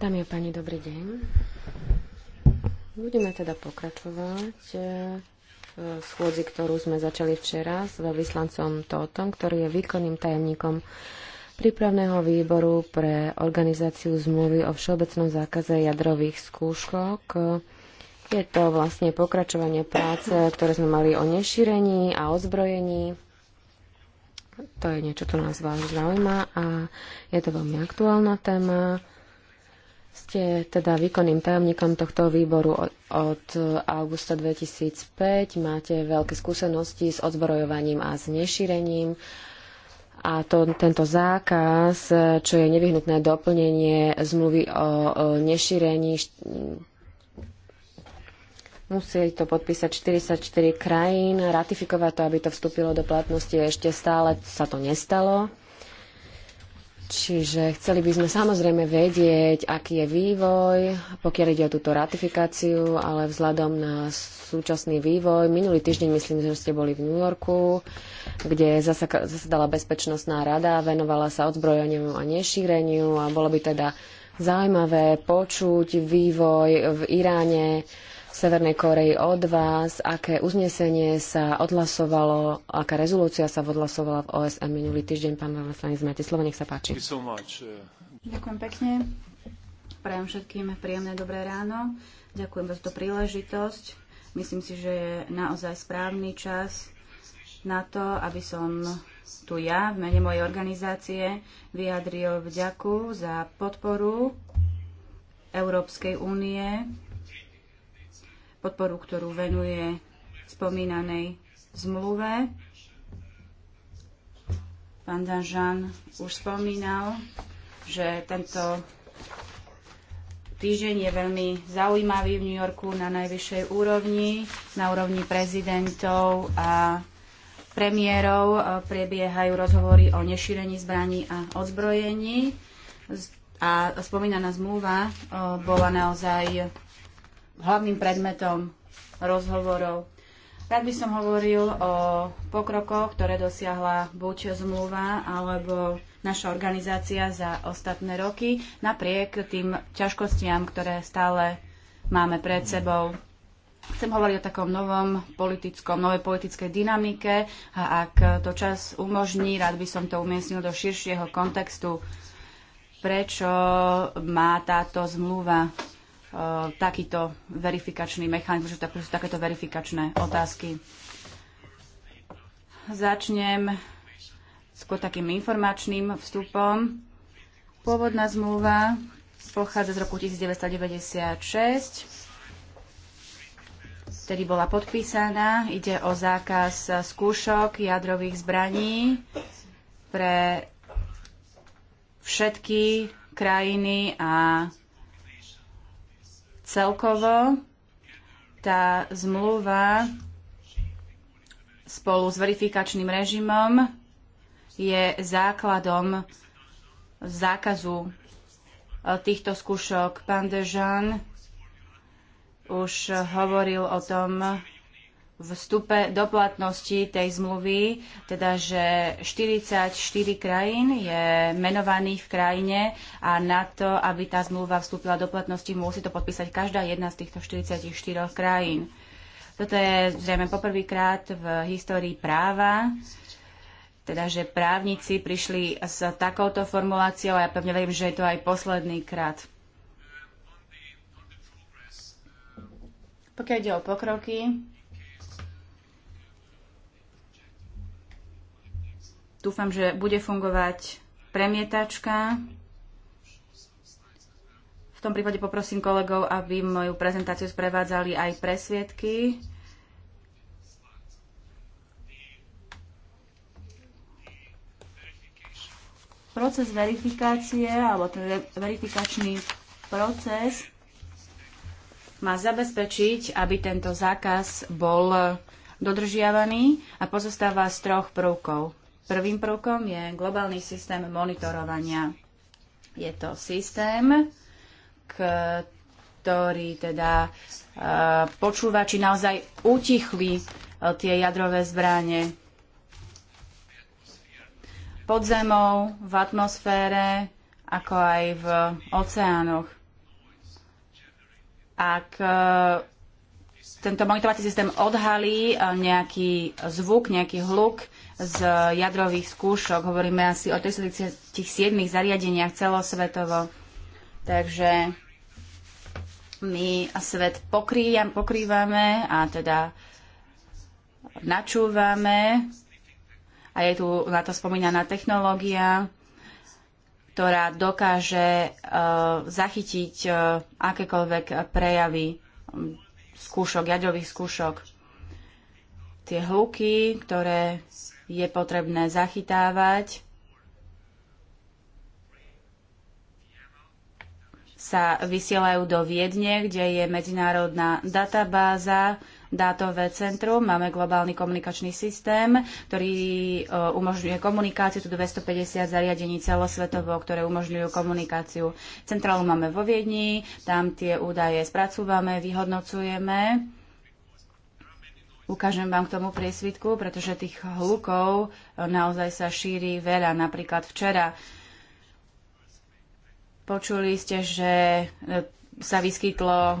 Dámy a páni, dobrý deň. Budeme teda pokračovať e, v schôdzi, ktorú sme začali včera s vyslancom Tótom, ktorý je výkonným tajemníkom prípravného výboru pre organizáciu zmluvy o všeobecnom zákaze jadrových skúšok. Je to vlastne pokračovanie práce, ktoré sme mali o nešírení a ozbrojení. To je niečo, čo nás veľmi zaujíma a je to veľmi aktuálna téma. Ste teda výkonným tajomníkom tohto výboru od, od augusta 2005. Máte veľké skúsenosti s odzbrojovaním a s nešírením. A to, tento zákaz, čo je nevyhnutné doplnenie zmluvy o, o nešírení, Musí to podpísať 44 krajín, ratifikovať to, aby to vstúpilo do platnosti. Ešte stále sa to nestalo. Čiže chceli by sme samozrejme vedieť, aký je vývoj, pokiaľ ide o túto ratifikáciu, ale vzhľadom na súčasný vývoj. Minulý týždeň, myslím, že ste boli v New Yorku, kde zasadala Bezpečnostná rada, venovala sa odzbrojeniu a nešíreniu a bolo by teda zaujímavé počuť vývoj v Iráne, Severnej Koreji od vás, aké uznesenie sa odhlasovalo, aká rezolúcia sa odhlasovala v OSN minulý týždeň. Pán veľvyslanec, máte slovo, nech sa páči. Uh, Ďakujem pekne. Prajem všetkým príjemné dobré ráno. Ďakujem za túto príležitosť. Myslím si, že je naozaj správny čas na to, aby som tu ja v mene mojej organizácie vyjadril vďaku za podporu Európskej únie podporu, ktorú venuje spomínanej zmluve. Pán Danžan už spomínal, že tento týždeň je veľmi zaujímavý v New Yorku na najvyššej úrovni, na úrovni prezidentov a premiérov prebiehajú rozhovory o nešírení zbraní a odzbrojení. A spomínaná zmluva eh, bola naozaj hlavným predmetom rozhovorov. Rád by som hovoril o pokrokoch, ktoré dosiahla buď zmluva alebo naša organizácia za ostatné roky, napriek tým ťažkostiam, ktoré stále máme pred sebou. Chcem hovoriť o takom novom politickom, novej politickej dynamike a ak to čas umožní, rád by som to umiestnil do širšieho kontextu, prečo má táto zmluva Eh, takýto verifikačný mechanizmus, že sú takéto verifikačné otázky. Začnem skôr takým informačným vstupom. Pôvodná zmluva pochádza z roku 1996, ktorý bola podpísaná. Ide o zákaz skúšok jadrových zbraní pre všetky krajiny a Celkovo tá zmluva spolu s verifikačným režimom je základom zákazu eh, týchto skúšok. Pán Dežan už hovoril o tom, vstupe do platnosti tej zmluvy, teda že 44 krajín je menovaných v krajine a na to, aby tá zmluva vstúpila do platnosti, musí to podpísať každá jedna z týchto 44 krajín. Toto je zrejme poprvýkrát v histórii práva, teda že právnici prišli s takouto formuláciou a ja pevne verím, že je to aj posledný krát. Pokiaľ ide o pokroky, Dúfam, že bude fungovať premietačka. V tom prípade poprosím kolegov, aby moju prezentáciu sprevádzali aj presvietky. Proces verifikácie alebo ten verifikačný proces má zabezpečiť, aby tento zákaz bol dodržiavaný a pozostáva z troch prvkov. Prvým prvkom je globálny systém monitorovania. Je to systém, ktorý teda e, počúva, či naozaj utichli e, tie jadrové zbranie pod zemou, v atmosfére, ako aj v oceánoch. Ak e, tento monitorovací systém odhalí nejaký zvuk, nejaký hluk, z jadrových skúšok. Hovoríme asi o 37 zariadeniach celosvetovo. Takže my svet pokrývam, pokrývame a teda načúvame a je tu na to spomínaná technológia, ktorá dokáže uh, zachytiť uh, akékoľvek prejavy um, skúšok, jadrových skúšok. Tie hluky, ktoré je potrebné zachytávať sa vysielajú do Viedne, kde je medzinárodná databáza, dátové centrum, máme globálny komunikačný systém, ktorý e, umožňuje komunikáciu, tu 250 zariadení celosvetovo, ktoré umožňujú komunikáciu. Centrálu máme vo Viedni, tam tie údaje spracúvame, vyhodnocujeme Ukážem vám k tomu priesvitku, pretože tých hlukov eh, naozaj sa šíri veľa. Napríklad včera počuli ste, že eh, sa vyskytlo eh,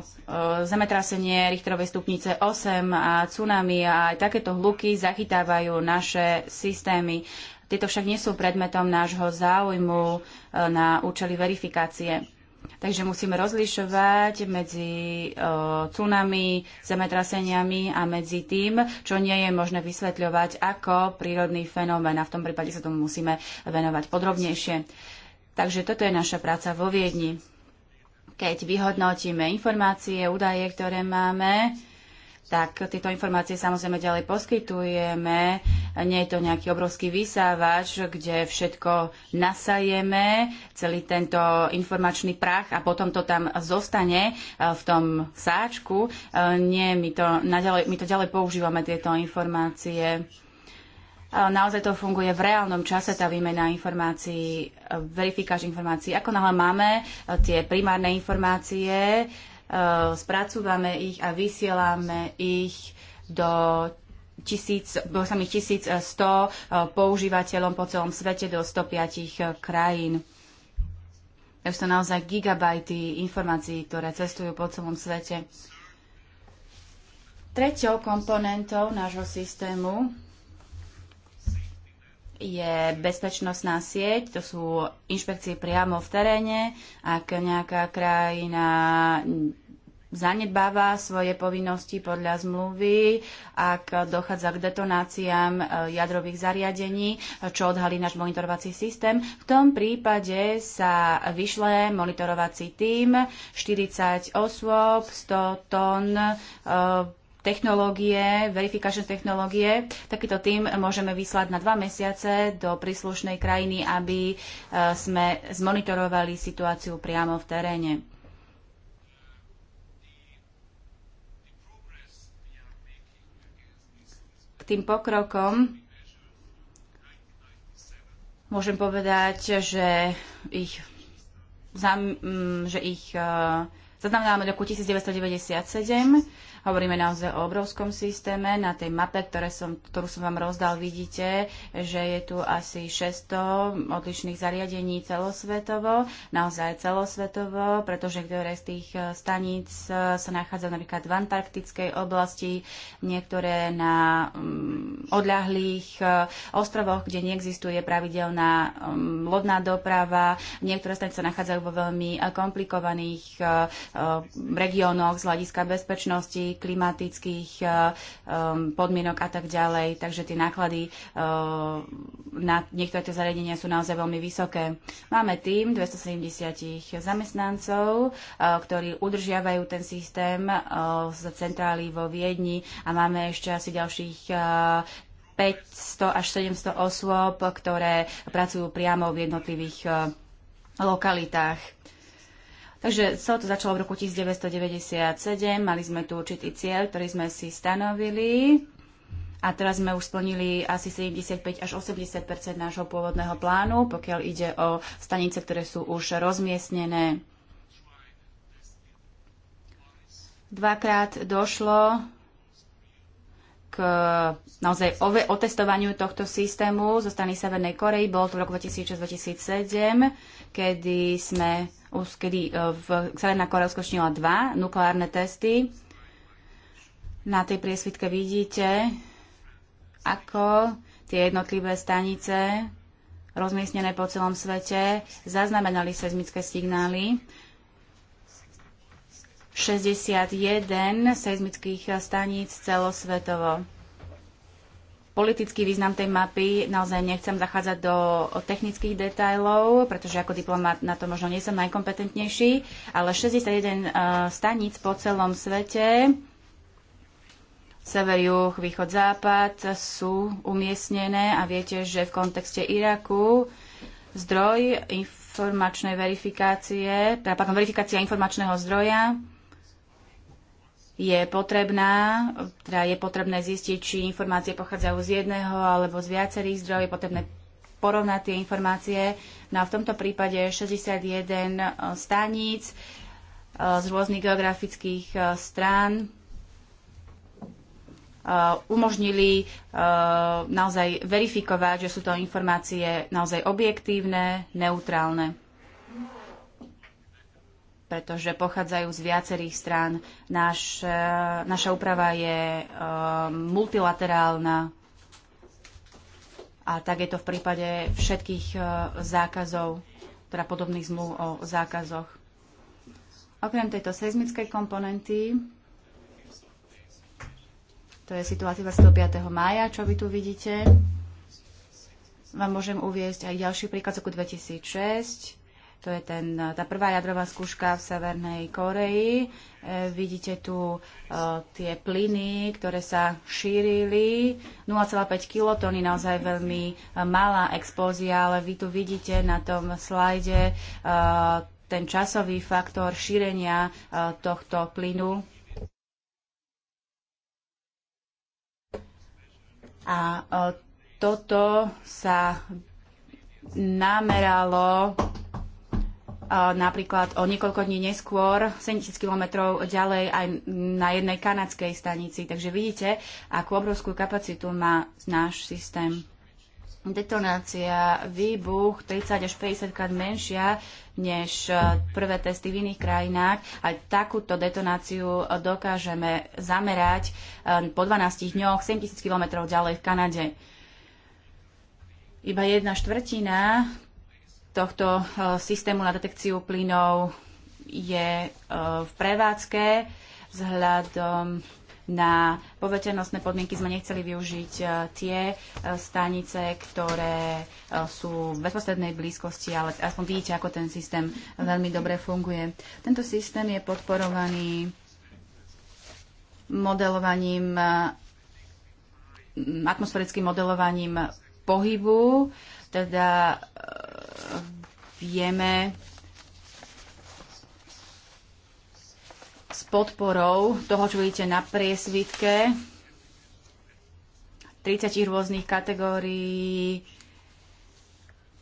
zemetrasenie Richterovej stupnice 8 a tsunami a aj takéto hluky zachytávajú naše systémy. Tieto však nie sú predmetom nášho záujmu na účely verifikácie. Takže musíme rozlišovať medzi uh, e, tsunami, zemetraseniami a medzi tým, čo nie je možné vysvetľovať ako prírodný fenomén. A v tom prípade sa tomu musíme venovať podrobnejšie. Takže toto je naša práca vo Viedni. Keď vyhodnotíme informácie, údaje, ktoré máme, tak tieto informácie samozrejme ďalej poskytujeme. Nie je to nejaký obrovský vysávač, kde všetko nasajeme, celý tento informačný prach a potom to tam zostane e, v tom sáčku. E, nie, my to, naďalej, my to ďalej používame, tieto informácie. E, naozaj to funguje v reálnom čase, tá výmena informácií, verifikáž informácií. Ako náhle máme tie primárne informácie, Eh, spracúvame ich a vysielame ich do tisíc, bolo tam ich 1100 používateľom po celom svete do 105 eh, krajín. To to naozaj gigabajty informácií, ktoré cestujú po celom svete. Treťou komponentou nášho systému je bezpečnostná sieť, to sú inšpekcie priamo v teréne. Ak nejaká krajina zanedbáva svoje povinnosti podľa zmluvy, ak dochádza k detonáciám e, jadrových zariadení, čo odhalí náš monitorovací systém. V tom prípade sa vyšle monitorovací tím 40 osôb, 100 tón e, technológie, verifikačné technológie. Takýto tým môžeme vyslať na dva mesiace do príslušnej krajiny, aby e, sme zmonitorovali situáciu priamo v teréne. tým pokrokom. Môžem povedať, že ich, že ich eh, Zaznamenáme roku 1997. Hovoríme naozaj o obrovskom systéme. Na tej mape, ktoré som, ktorú som vám rozdal, vidíte, že je tu asi 600 odlišných zariadení celosvetovo, naozaj celosvetovo, pretože ktoré z tých eh, staníc eh, sa nachádzajú napríklad v antarktickej oblasti, niektoré na mm, odľahlých eh, ostrovoch, kde neexistuje pravidelná mm, lodná doprava, niektoré stanice sa nachádzajú vo veľmi komplikovaných regiónoch z hľadiska bezpečnosti, klimatických eh, eh, podmienok a tak ďalej. Takže tie náklady eh, na niektoré tie zariadenia sú naozaj veľmi vysoké. Máme tým 270 zamestnancov, ktorí udržiavajú ten systém z centrály vo Viedni a máme ešte asi ďalších 500 až 700 osôb, ktoré pracujú priamo v jednotlivých lokalitách. Takže celé to začalo v roku 1997, mali sme tu určitý cieľ, ktorý sme si stanovili a teraz sme už splnili asi 75 až 80 nášho pôvodného plánu, pokiaľ ide o stanice, ktoré sú už rozmiestnené. Dvakrát došlo k naozaj otestovaniu tohto systému zo strany Severnej Korei. Bolo to v roku 2006-2007, kedy sme už kedy e, v Severná Korea uskutočnila dva nukleárne testy. Na tej priesvitke vidíte, ako tie jednotlivé stanice rozmiestnené po celom svete zaznamenali seizmické signály. 61 seizmických staníc celosvetovo politický význam tej mapy. Naozaj nechcem zachádzať do technických detajlov, pretože ako diplomat na to možno nie som najkompetentnejší, ale 61 eh, staníc po celom svete, sever, juh, východ, západ, sú umiestnené a viete, že v kontexte Iraku zdroj informačnej verifikácie, teda pardon, verifikácia informačného zdroja je potrebná, teda je potrebné zistiť, či informácie pochádzajú z jedného alebo z viacerých zdrojov, je potrebné porovnať tie informácie. No a v tomto prípade 61 eh, staníc eh, z rôznych geografických eh, strán umožnili naozaj verifikovať, že sú to informácie naozaj objektívne, neutrálne pretože pochádzajú z viacerých strán. Naš, e, naša úprava je e, multilaterálna a tak je to v prípade všetkých e, zákazov, teda podobných zmluv o zákazoch. Okrem tejto seizmickej komponenty, to je situácia 25. mája, čo vy tu vidíte, vám môžem uviezť aj ďalší príklad z roku 2006, to je ten, tá prvá jadrová skúška v Severnej Koreji. E, vidíte tu e, tie plyny, ktoré sa šírili. 0,5 je naozaj veľmi e, malá explózia, ale vy tu vidíte na tom slajde e, ten časový faktor šírenia e, tohto plynu. A e, toto sa nameralo napríklad o niekoľko dní neskôr, 70 kilometrov ďalej aj na jednej kanadskej stanici. Takže vidíte, akú obrovskú kapacitu má náš systém. Detonácia, výbuch 30 až 50 krát menšia než e, prvé testy v iných krajinách. Aj takúto detonáciu dokážeme zamerať e, po 12 dňoch 7000 km ďalej v Kanade. Iba jedna štvrtina tohto e, systému na detekciu plynov je e, v prevádzke. Vzhľadom na poveternostné podmienky sme nechceli využiť e, tie stanice, ktoré sú v bezprostrednej blízkosti, ale aspoň vidíte, ako ten systém veľmi dobre funguje. Tento systém je podporovaný modelovaním, atmosférickým modelovaním pohybu, teda vieme s podporou toho, čo vidíte na priesvitke, 30 rôznych kategórií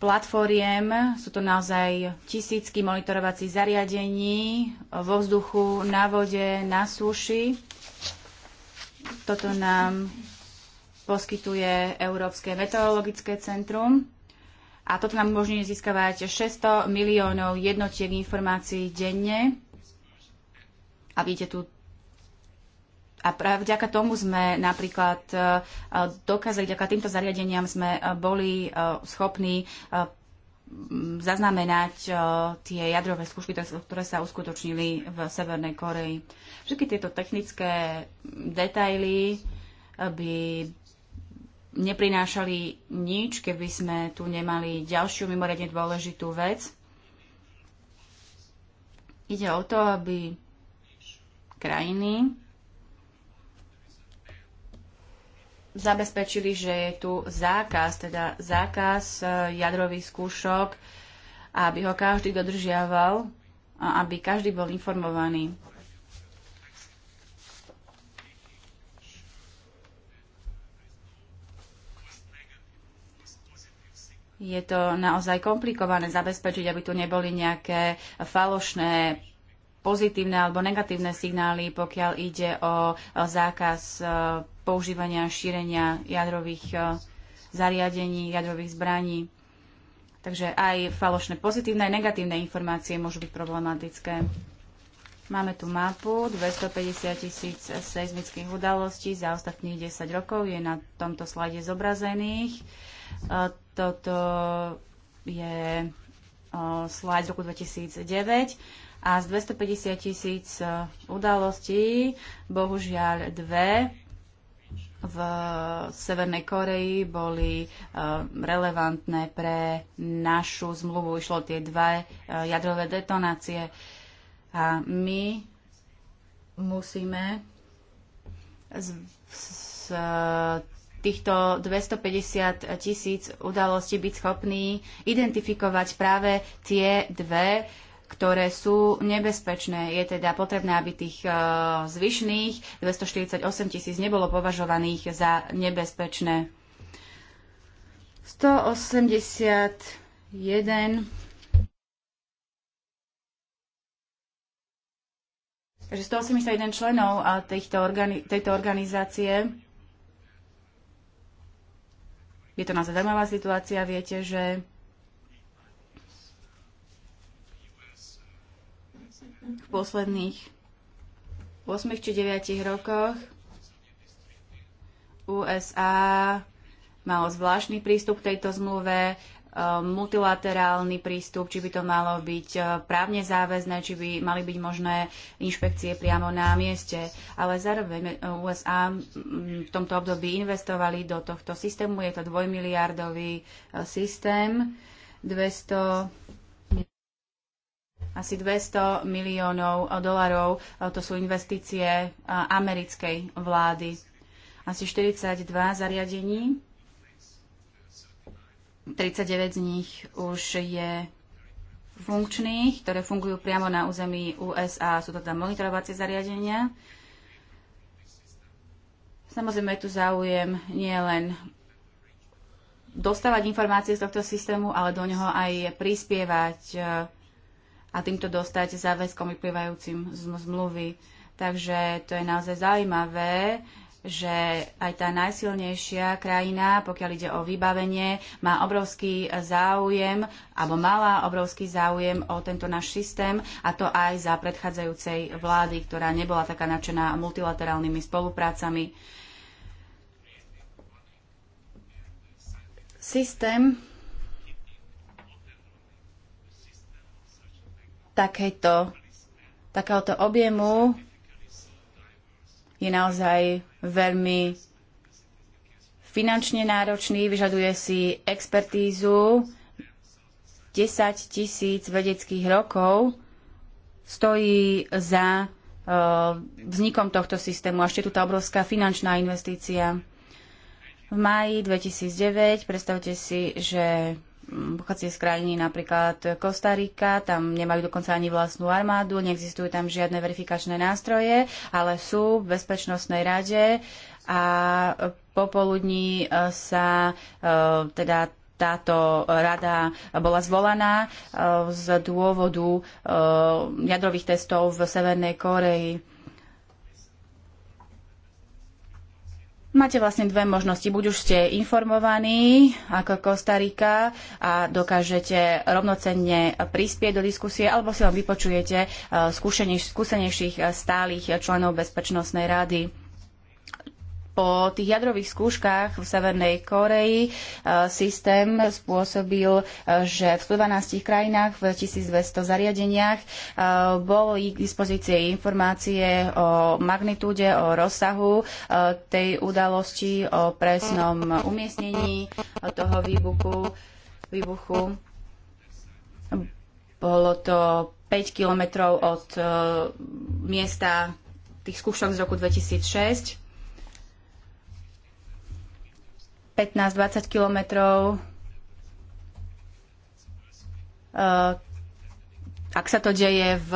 platformiem. Sú to naozaj tisícky monitorovacích zariadení vo vzduchu, na vode, na súši. Toto nám poskytuje Európske meteorologické centrum. A toto nám umožní získavať 600 miliónov jednotiek informácií denne. A vidíte tu a práve vďaka tomu sme napríklad e, dokázali, vďaka týmto zariadeniam sme e, boli e, schopní zaznamenať tie jadrové skúšky, ktoré sa uskutočnili v Severnej Koreji. Všetky tieto technické detaily by neprinášali nič, keby sme tu nemali ďalšiu mimoriadne dôležitú vec. Ide o to, aby krajiny zabezpečili, že je tu zákaz, teda zákaz e, jadrových skúšok, aby ho každý dodržiaval a aby každý bol informovaný. je to naozaj komplikované zabezpečiť, aby tu neboli nejaké falošné pozitívne alebo negatívne signály, pokiaľ ide o zákaz e, používania, šírenia jadrových e, zariadení, jadrových zbraní. Takže aj falošné pozitívne, aj negatívne informácie môžu byť problematické. Máme tu mapu 250 tisíc seizmických udalostí za ostatných 10 rokov. Je na tomto slajde zobrazených. E, toto je e, slajd z roku 2009 a z 250 tisíc e, udalostí, bohužiaľ dve v Severnej Koreji boli relevantné pre našu zmluvu. Išlo tie dva jadrové detonácie. A my musíme z, z týchto 250 tisíc udalostí byť schopní identifikovať práve tie dve, ktoré sú nebezpečné. Je teda potrebné, aby tých e, zvyšných 248 tisíc nebolo považovaných za nebezpečné. 181 Takže 181 členov a týchto organi- tejto organizácie je to naozaj zaujímavá situácia. Viete, že v posledných 8 či 9 rokoch USA malo zvláštny prístup k tejto zmluve, multilaterálny prístup, či by to malo byť eh, právne záväzné, či by mali byť možné inšpekcie priamo na mieste. Ale zároveň eh, USA mm, v tomto období investovali do tohto systému. Je to dvojmiliardový eh, systém, 200 asi 200 miliónov dolarov, to sú investície americkej vlády. Asi 42 zariadení 39 z nich už je funkčných, ktoré fungujú priamo na území USA. Sú to tam monitorovacie zariadenia. Samozrejme je tu záujem nie len dostávať informácie z tohto systému, ale do neho aj prispievať e, a týmto dostať záväzkom vyplývajúcim z zmluvy. Takže to je naozaj zaujímavé, že aj tá najsilnejšia krajina, pokiaľ ide o vybavenie, má obrovský záujem, alebo mala obrovský záujem o tento náš systém, a to aj za predchádzajúcej vlády, ktorá nebola taká nadšená multilaterálnymi spoluprácami. Systém takéto, takéhoto objemu je naozaj veľmi finančne náročný, vyžaduje si expertízu 10 tisíc vedeckých rokov, stojí za e, vznikom tohto systému. A ešte tu tá obrovská finančná investícia. V máji 2009, predstavte si, že pochádzajú z krajiny napríklad Kostarika, tam nemajú dokonca ani vlastnú armádu, neexistujú tam žiadne verifikačné nástroje, ale sú v bezpečnostnej rade a popoludní e, sa e, teda táto rada bola zvolaná e, z dôvodu jadrových testov v Severnej Koreji. Máte vlastne dve možnosti. Buď už ste informovaní ako Kostarika a dokážete rovnocenne prispieť do diskusie, alebo si len vypočujete eh, skúsenejších eh, stálych eh, členov Bezpečnostnej rady po tých jadrových skúškach v Severnej Koreji e, systém spôsobil, e, že v 112 krajinách v 1200 zariadeniach e, boli k dispozícii informácie o magnitúde, o rozsahu tej udalosti, o presnom umiestnení toho výbuchu. výbuchu. Bolo to 5 kilometrov od miesta tých skúšok z roku 2006 15-20 kilometrov. Eh, ak sa to deje v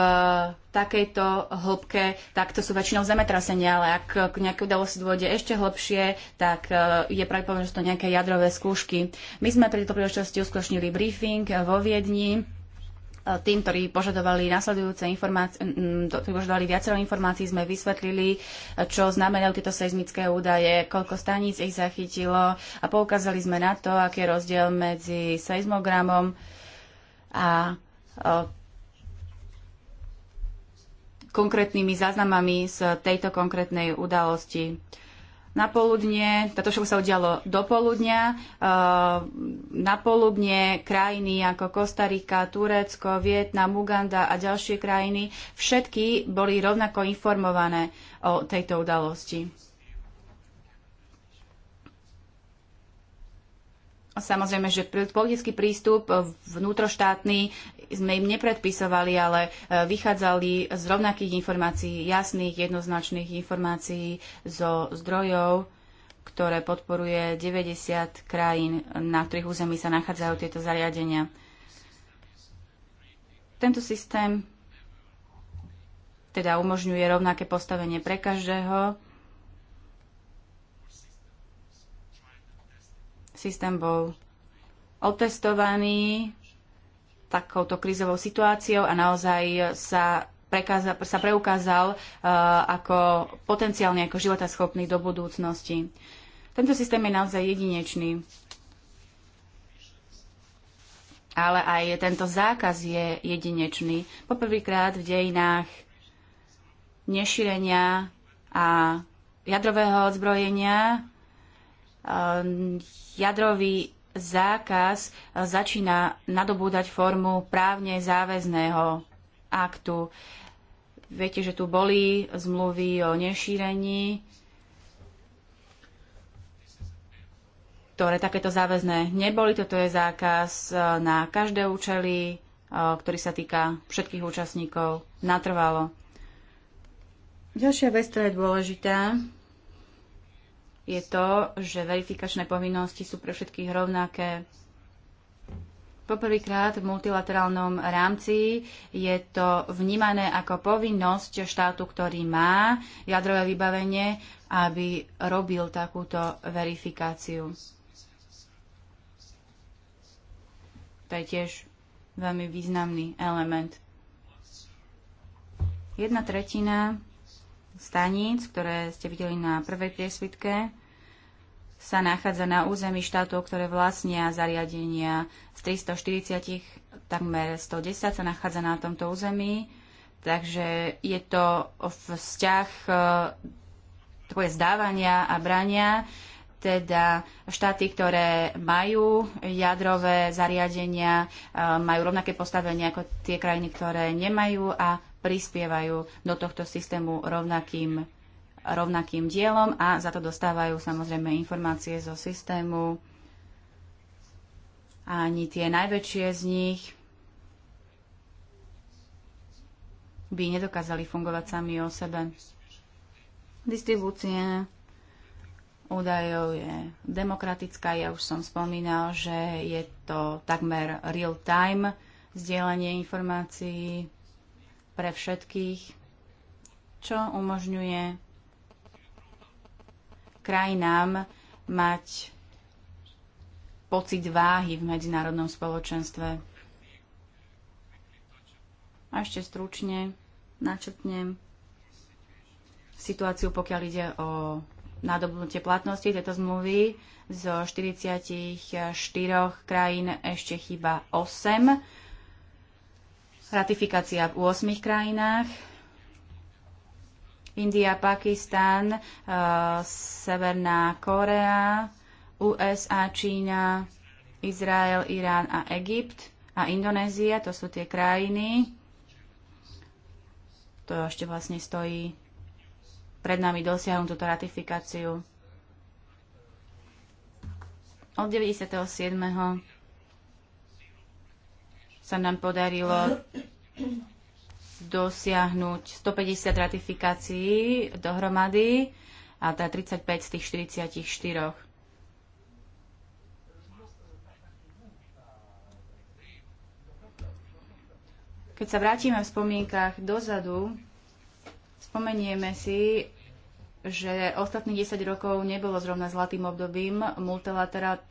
takejto hĺbke, tak to sú väčšinou zemetrasenia, ale ak k nejakej udalosti dôjde ešte hlbšie, tak eh, je pravdepodobne, že to nejaké jadrové skúšky. My sme pri tejto príležitosti uskutočnili briefing vo Viedni tým, ktorí požadovali nasledujúce informácie, ktorí požadovali viacero informácií, sme vysvetlili, čo znamenajú tieto seizmické údaje, koľko staníc ich zachytilo a poukázali sme na to, aký je rozdiel medzi seizmogramom a konkrétnymi záznamami z tejto konkrétnej udalosti na poludne, toto všetko sa udialo do poludnia, ehm, na poludne krajiny ako Kostarika, Turecko, Vietnam, Uganda a ďalšie krajiny, všetky boli rovnako informované o tejto udalosti. Samozrejme, že politický prístup e, vnútroštátny sme im nepredpisovali, ale e, vychádzali z rovnakých informácií, jasných, jednoznačných informácií zo zdrojov, ktoré podporuje 90 krajín, na ktorých území sa nachádzajú tieto zariadenia. Tento systém teda umožňuje rovnaké postavenie pre každého Systém bol otestovaný takouto krizovou situáciou a naozaj sa, prekáza, sa preukázal uh, ako potenciálne ako životaschopný do budúcnosti. Tento systém je naozaj jedinečný. Ale aj tento zákaz je jedinečný. Poprvýkrát v dejinách nešírenia a jadrového odzbrojenia Ehm, jadrový zákaz e, začína nadobúdať formu právne záväzného aktu. Viete, že tu boli zmluvy o nešírení, ktoré takéto záväzné neboli. Toto je zákaz e, na každé účely, e, ktorý sa týka všetkých účastníkov natrvalo. Ďalšia vec, ktorá je dôležitá, je to, že verifikačné povinnosti sú pre všetkých rovnaké. Poprvýkrát v multilaterálnom rámci je to vnímané ako povinnosť štátu, ktorý má jadrové vybavenie, aby robil takúto verifikáciu. To je tiež veľmi významný element. Jedna tretina staníc, ktoré ste videli na prvej priesvitke, sa nachádza na území štátov, ktoré vlastnia zariadenia z 340, takmer 110 sa nachádza na tomto území. Takže je to vzťah eh, takové zdávania a brania, teda štáty, ktoré majú jadrové zariadenia, eh, majú rovnaké postavenie ako tie krajiny, ktoré nemajú a prispievajú do tohto systému rovnakým, rovnakým dielom a za to dostávajú samozrejme informácie zo systému. ani tie najväčšie z nich by nedokázali fungovať sami o sebe. Distribúcia údajov je demokratická. Ja už som spomínal, že je to takmer real-time zdieľanie informácií pre všetkých, čo umožňuje krajinám mať pocit váhy v medzinárodnom spoločenstve. A ešte stručne načrtnem situáciu, pokiaľ ide o nadobnutie platnosti tejto zmluvy. Zo 44 krajín ešte chýba 8 ratifikácia v 8 krajinách. India, Pakistan, uh, Severná Korea, USA, Čína, Izrael, Irán a Egypt a Indonézia, to sú tie krajiny. To ešte vlastne stojí pred nami dosiahnuť túto ratifikáciu. Od 97 sa nám podarilo dosiahnuť 150 ratifikácií dohromady a tá 35 z tých 44. Keď sa vrátime v spomienkach dozadu, spomenieme si, že ostatných 10 rokov nebolo zrovna zlatým obdobím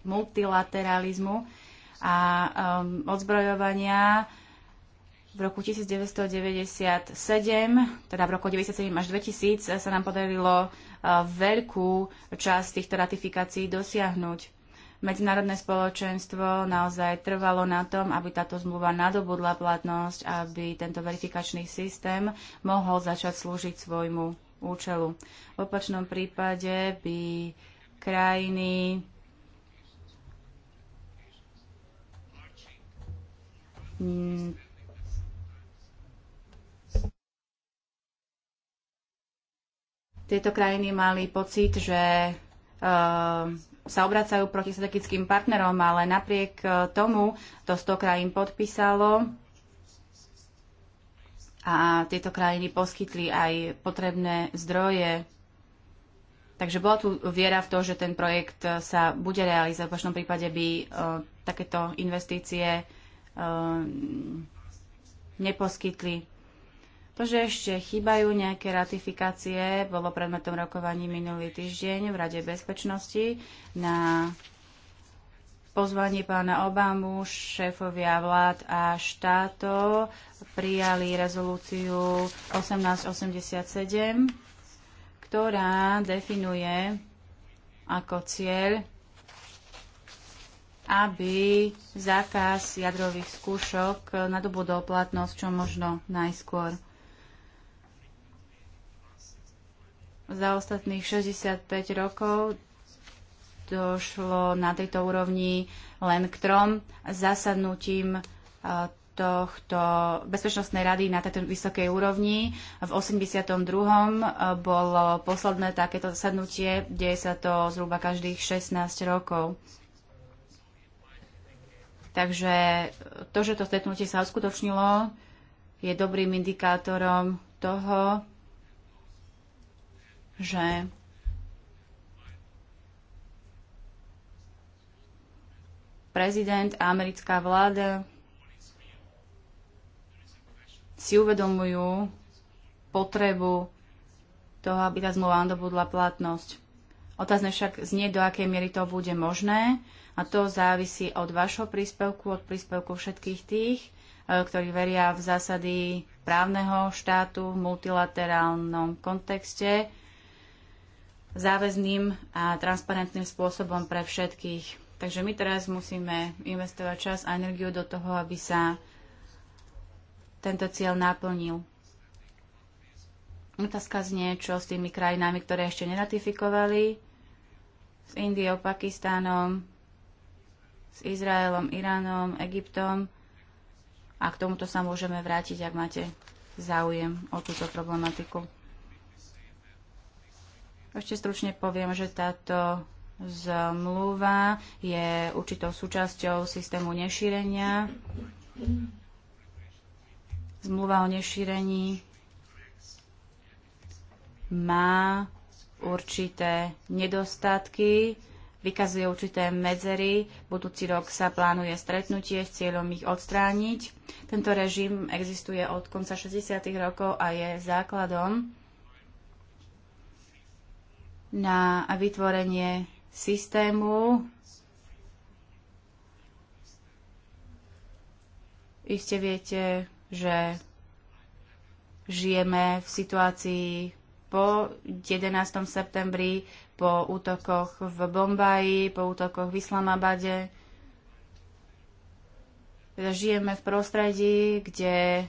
multilateralizmu a um, odzbrojovania v roku 1997, teda v roku 1997 až 2000, sa nám podarilo uh, veľkú časť týchto ratifikácií dosiahnuť. Medzinárodné spoločenstvo naozaj trvalo na tom, aby táto zmluva nadobudla platnosť, aby tento verifikačný systém mohol začať slúžiť svojmu účelu. V opačnom prípade by krajiny Mm. tieto krajiny mali pocit, že ehm, sa obracajú proti strategickým partnerom, ale napriek e, tomu to 100 krajín podpísalo a tieto krajiny poskytli aj potrebné zdroje. Takže bola tu viera v to, že ten projekt e, sa bude realizovať. V každom prípade by e, takéto investície Um, neposkytli. To, že ešte chýbajú nejaké ratifikácie, bolo predmetom rokovaní minulý týždeň v Rade bezpečnosti na pozvanie pána Obamu, šéfovia vlád a štátov prijali rezolúciu 1887, ktorá definuje ako cieľ aby zákaz jadrových skúšok nadobudol platnosť čo možno najskôr. Za ostatných 65 rokov došlo na tejto úrovni len k trom zasadnutím e, tohto bezpečnostnej rady na tejto vysokej úrovni. V 82. bolo posledné takéto zasadnutie, deje sa to zhruba každých 16 rokov. Takže to, že to stretnutie sa uskutočnilo, je dobrým indikátorom toho, že prezident a americká vláda si uvedomujú potrebu toho, aby tá zmluva nadobudla platnosť. Otázne však znie, do akej miery to bude možné a to závisí od vašho príspevku, od príspevku všetkých tých, e, ktorí veria v zásady právneho štátu v multilaterálnom kontexte záväzným a transparentným spôsobom pre všetkých. Takže my teraz musíme investovať čas a energiu do toho, aby sa tento cieľ naplnil. Otázka znie, čo s tými krajinami, ktoré ešte neratifikovali, s Indiou, Pakistánom, s Izraelom, Iránom, Egyptom a k tomuto sa môžeme vrátiť, ak máte záujem o túto problematiku. Ešte stručne poviem, že táto zmluva je určitou súčasťou systému nešírenia. Zmluva o nešírení má určité nedostatky, vykazuje určité medzery. Budúci rok sa plánuje stretnutie s cieľom ich odstrániť. Tento režim existuje od konca 60. rokov a je základom na vytvorenie systému Iste viete, že žijeme v situácii po 11. septembri, po útokoch v Bombaji, po útokoch v Islamabade. Teda žijeme v prostredí, kde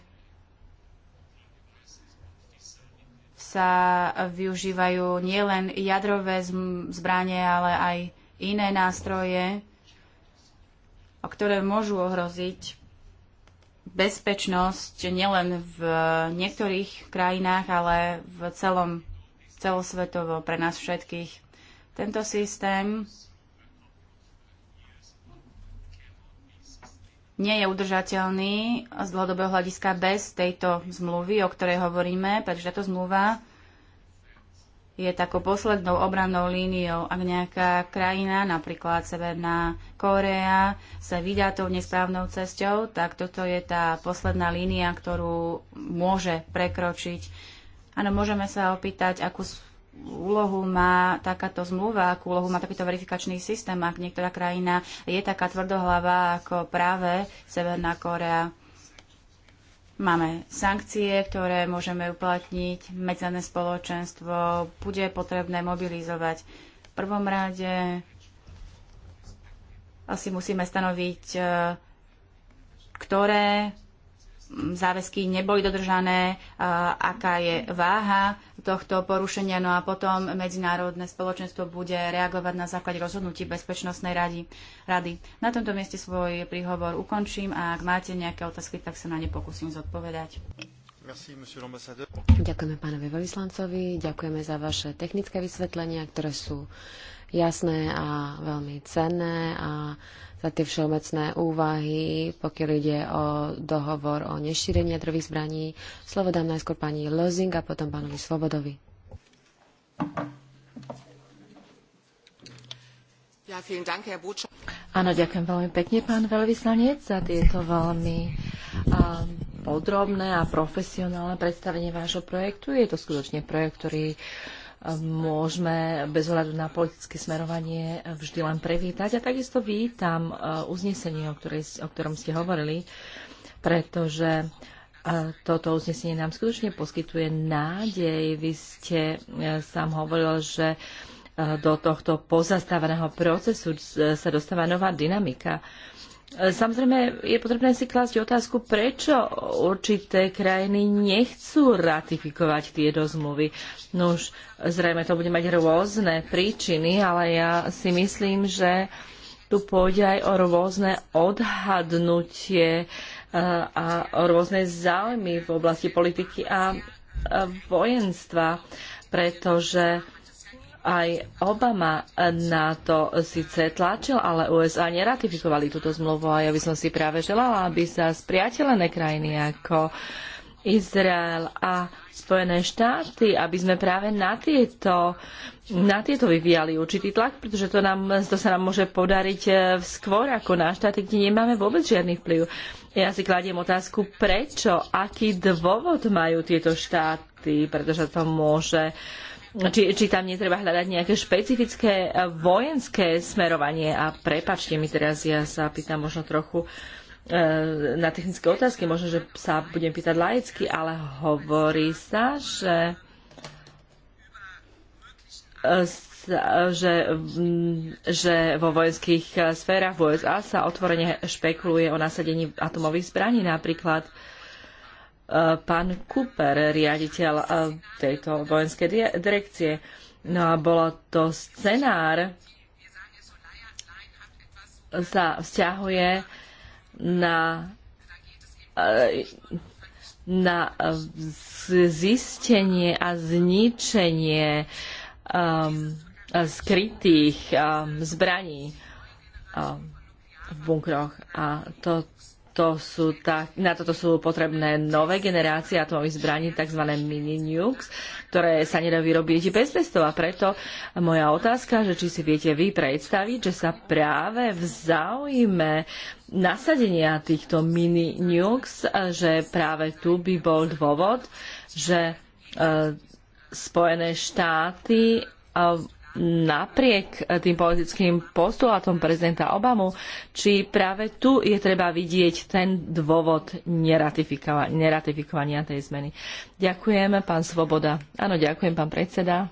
sa využívajú nielen jadrové zbranie, ale aj iné nástroje, o ktoré môžu ohroziť bezpečnosť nielen v niektorých krajinách, ale v celom celosvetovo pre nás všetkých. Tento systém nie je udržateľný z dlhodobého hľadiska bez tejto zmluvy, o ktorej hovoríme, pretože táto zmluva je takou poslednou obrannou líniou. Ak nejaká krajina, napríklad Severná Kórea, sa vydá tou nesprávnou cestou, tak toto je tá posledná línia, ktorú môže prekročiť Áno, môžeme sa opýtať, akú úlohu má takáto zmluva, akú úlohu má takýto verifikačný systém, ak niektorá krajina je taká tvrdohlava ako práve Severná Korea. Máme sankcie, ktoré môžeme uplatniť, Medzané spoločenstvo bude potrebné mobilizovať. V prvom rade asi musíme stanoviť, e, ktoré záväzky neboli dodržané, aká je váha tohto porušenia. No a potom medzinárodné spoločenstvo bude reagovať na základe rozhodnutí Bezpečnostnej rady. rady. Na tomto mieste svoj príhovor ukončím a ak máte nejaké otázky, tak sa na ne pokúsim zodpovedať. Ďakujeme pánovi veľvyslancovi, ďakujeme za vaše technické vysvetlenia, ktoré sú jasné a veľmi cenné a za tie všeobecné úvahy, pokiaľ ide o dohovor o nešírení jadrových zbraní. Slovo dám najskôr pani Lozing a potom pánovi Svobodovi. Áno, ďakujem veľmi pekne, pán veľvyslanec, za tieto veľmi um, podrobné a profesionálne predstavenie vášho projektu. Je to skutočne projekt, ktorý môžeme bez ohľadu na politické smerovanie vždy len privítať. A takisto vítam e, uznesenie, o, ktorej, o ktorom ste hovorili, pretože e, toto uznesenie nám skutočne poskytuje nádej. Vy ste e, sám hovoril, že do tohto pozastaveného procesu sa dostáva nová dynamika. E, samozrejme, je potrebné si klásť otázku, prečo určité krajiny nechcú ratifikovať tieto zmluvy. No už zrejme to bude mať rôzne príčiny, ale ja si myslím, že tu pôjde aj o rôzne odhadnutie e, a o rôzne záujmy v oblasti politiky a vojenstva, pretože aj Obama na to síce tlačil, ale USA neratifikovali túto zmluvu a ja by som si práve želala, aby sa spriateľené krajiny ako Izrael a Spojené štáty, aby sme práve na tieto, na tieto vyvíjali určitý tlak, pretože to, nám, to sa nám môže podariť e, skôr ako na štáty, kde nemáme vôbec žiadny vplyv. Ja si kladiem otázku, prečo, aký dôvod majú tieto štáty, pretože to môže či, či tam netreba hľadať nejaké špecifické eh, vojenské smerovanie. A prepačte mi teraz, ja sa pýtam možno trochu eh, na technické otázky, možno, že sa budem pýtať laicky, ale hovorí sa, že eh, že, že vo vojenských sférach v USA sa otvorene špekuluje o nasadení atomových zbraní napríklad. E, pán Cooper, riaditeľ eh, tejto vojenskej direkcie. No a bolo to scenár, sa vzťahuje na, eh, na zistenie a zničenie um, skrytých um, zbraní um, v bunkroch. A to to sú tá, na toto sú potrebné nové generácie atomových zbraní, tzv. mini nukes, ktoré sa nedá vyrobiť bez testov. A preto moja otázka, že či si viete vy predstaviť, že sa práve v záujme nasadenia týchto mini nukes, že práve tu by bol dôvod, že e, Spojené štáty e, napriek eh, tým politickým postulátom prezidenta Obamu, či práve tu je treba vidieť ten dôvod neratifikovania tej zmeny. Ďakujem, pán Svoboda. Áno, ďakujem, pán predseda.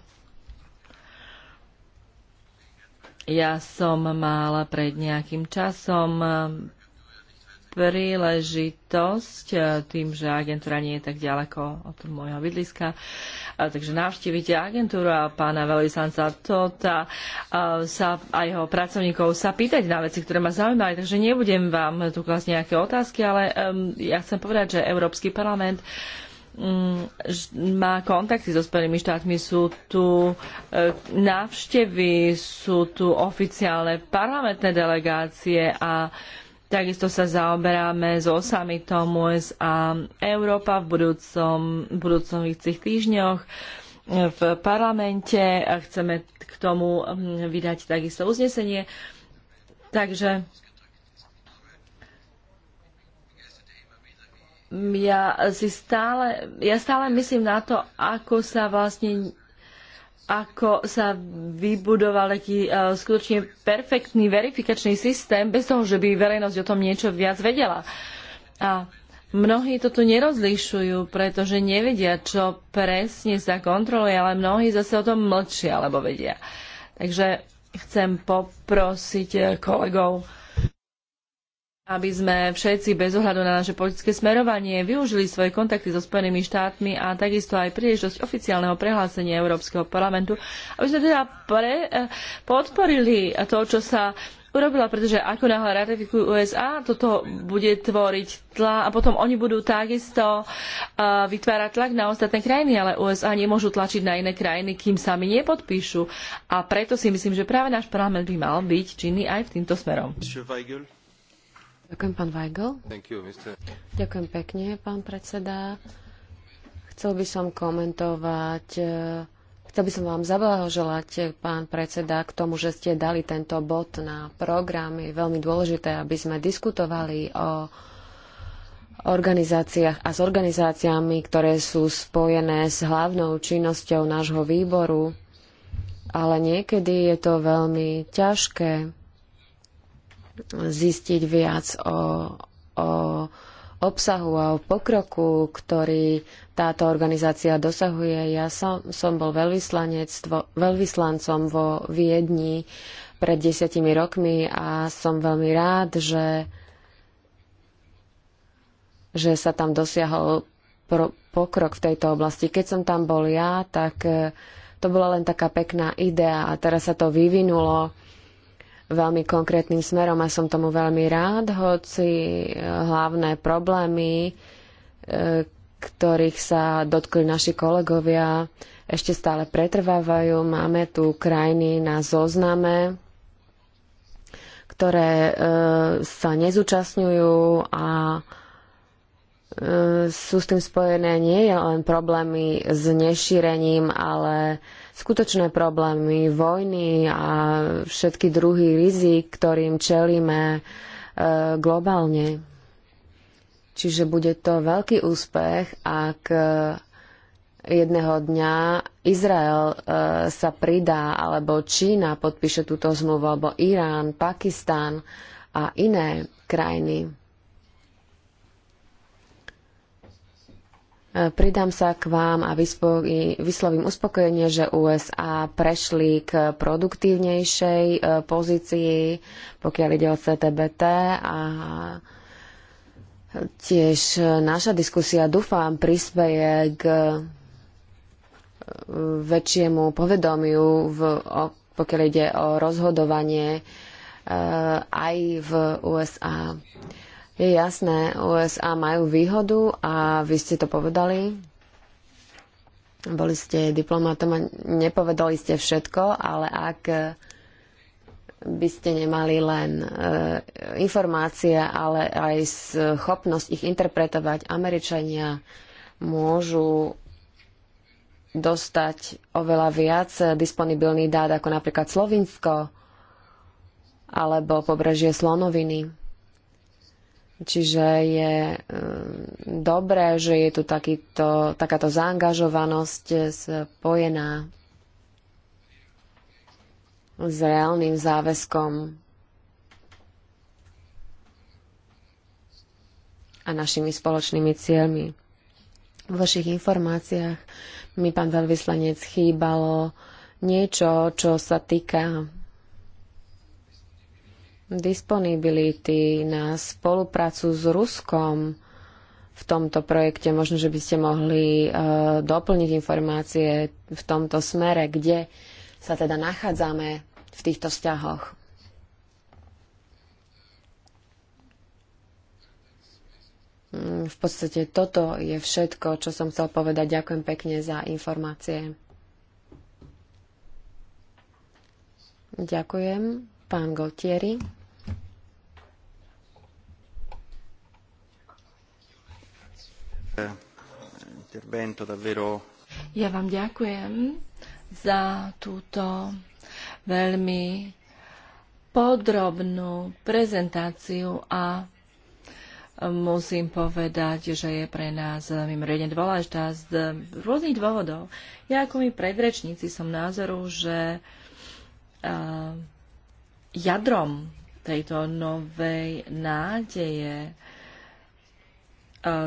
Ja som mal pred nejakým časom príležitosť e, tým, že agentúra nie je tak ďaleko od môjho bydliska. E, takže navštívite agentúru a pána veľvyslanca Tota e, sa, a jeho pracovníkov sa pýtať na veci, ktoré ma zaujímajú. Takže nebudem vám tu klasť nejaké otázky, ale ja chcem povedať, že Európsky parlament mm, má kontakty so Spojenými štátmi, sú tu návštevy, sú tu oficiálne parlamentné delegácie a Takisto sa zaoberáme s osamitom USA Európa v budúcom, v budúcich týždňoch eh, v parlamente a chceme k tomu hm, vydať takisto uznesenie. Takže ja si stále, ja stále myslím na to, ako sa vlastne ako sa vybudoval taký uh, skutočne perfektný verifikačný systém, bez toho, že by verejnosť o tom niečo viac vedela. A mnohí toto nerozlišujú, pretože nevedia, čo presne sa kontroluje, ale mnohí zase o tom mlčia, alebo vedia. Takže chcem poprosiť e, kolegov, aby sme všetci bez ohľadu na naše politické smerovanie využili svoje kontakty so Spojenými štátmi a takisto aj príležitosť oficiálneho prehlásenia Európskeho parlamentu, aby sme teda pre, eh, podporili to, čo sa urobila, pretože ako náhle ratifikujú USA, toto bude tvoriť tla a potom oni budú takisto eh, vytvárať tlak na ostatné krajiny, ale USA nemôžu tlačiť na iné krajiny, kým sami nepodpíšu. A preto si myslím, že práve náš parlament by mal byť činný aj v týmto smerom. Ďakujem, pán Weigl. You, Ďakujem pekne, pán predseda. Chcel by som komentovať, e, chcel by som vám zablahoželať, e, pán predseda, k tomu, že ste dali tento bod na program. Je veľmi dôležité, aby sme diskutovali o organizáciách a s organizáciami, ktoré sú spojené s hlavnou činnosťou nášho výboru, ale niekedy je to veľmi ťažké zistiť viac o, o obsahu a o pokroku, ktorý táto organizácia dosahuje. Ja som, som bol veľvyslancom vo Viedni pred desiatimi rokmi a som veľmi rád, že, že sa tam dosiahol pro, pokrok v tejto oblasti. Keď som tam bol ja, tak eh, to bola len taká pekná idea a teraz sa to vyvinulo veľmi konkrétnym smerom a som tomu veľmi rád, hoci e, hlavné problémy, e, ktorých sa dotkli naši kolegovia, ešte stále pretrvávajú. Máme tu krajiny na zozname, ktoré e, sa nezúčastňujú a sú s tým spojené nie len problémy s nešírením, ale skutočné problémy, vojny a všetky druhy rizik, ktorým čelíme e, globálne. Čiže bude to veľký úspech, ak e, jedného dňa Izrael e, sa pridá, alebo Čína podpíše túto zmluvu, alebo Irán, Pakistan a iné krajiny. E, pridám sa k vám a vyslovím uspokojenie, že USA prešli k produktívnejšej e, pozícii, pokiaľ ide o CTBT a tiež naša diskusia, dúfam, prispeje k e, väčšiemu povedomiu, v, pokiaľ ide o rozhodovanie aj v USA. Je jasné, USA majú výhodu a vy ste to povedali. Boli ste diplomatom a nepovedali ste všetko, ale ak by ste nemali len e, informácie, ale aj schopnosť ich interpretovať. Američania môžu dostať oveľa viac disponibilných dát, ako napríklad Slovinsko alebo pobrežie Slonoviny. Čiže je eh, dobré, že je tu takýto, takáto zaangažovanosť eh, spojená s reálnym záväzkom a našimi spoločnými cieľmi. V vašich informáciách mi pán veľvyslanec chýbalo niečo, čo sa týka disponibility na spoluprácu s Ruskom v tomto projekte. Možno, že by ste mohli uh, doplniť informácie v tomto smere, kde sa teda nachádzame v týchto vzťahoch. Mm, v podstate toto je všetko, čo som chcel povedať. Ďakujem pekne za informácie. Ďakujem. Pán Gotieri. Ja vám ďakujem za túto veľmi podrobnú prezentáciu a musím povedať, že je pre nás mimoriadne dôležitá z rôznych dôvodov. Ja ako my predrečníci som názoru, že jadrom tejto novej nádeje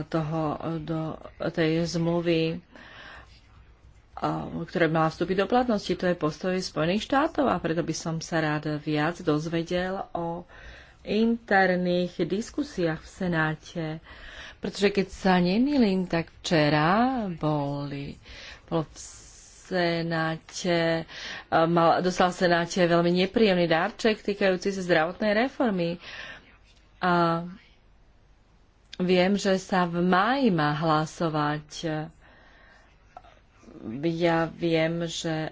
toho, do tej zmluvy, ktoré mala vstúpiť do platnosti. To je postoj Spojených štátov a preto by som sa rád viac dozvedel o interných diskusiách v Senáte. Pretože keď sa nemýlim, tak včera boli, bol v Senáte, mal, dostal v Senáte veľmi nepríjemný darček týkajúci sa zdravotnej reformy. A Viem, že sa v máji má hlasovať. Ja viem, že e,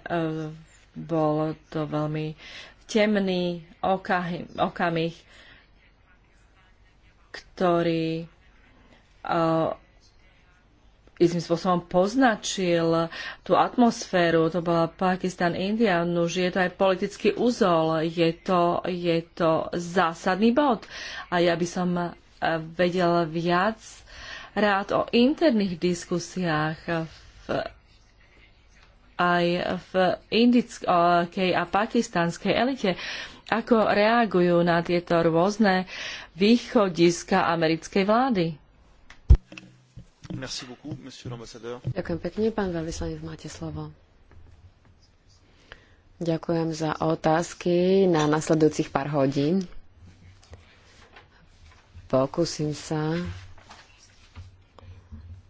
bol to veľmi temný okamih, ktorý e, istým spôsobom poznačil tú atmosféru. To bola Pakistan, India. Nuž je to aj politický úzol. Je to, je to zásadný bod. A ja by som vedel viac rád o interných diskusiách v, aj v indickej a pakistanskej elite, ako reagujú na tieto rôzne východiska americkej vlády. Merci Beaucoup, monsieur l'ambassadeur. Ďakujem pekne, pán veľvyslanec, máte slovo. Ďakujem za otázky na nasledujúcich pár hodín. Pokúsim sa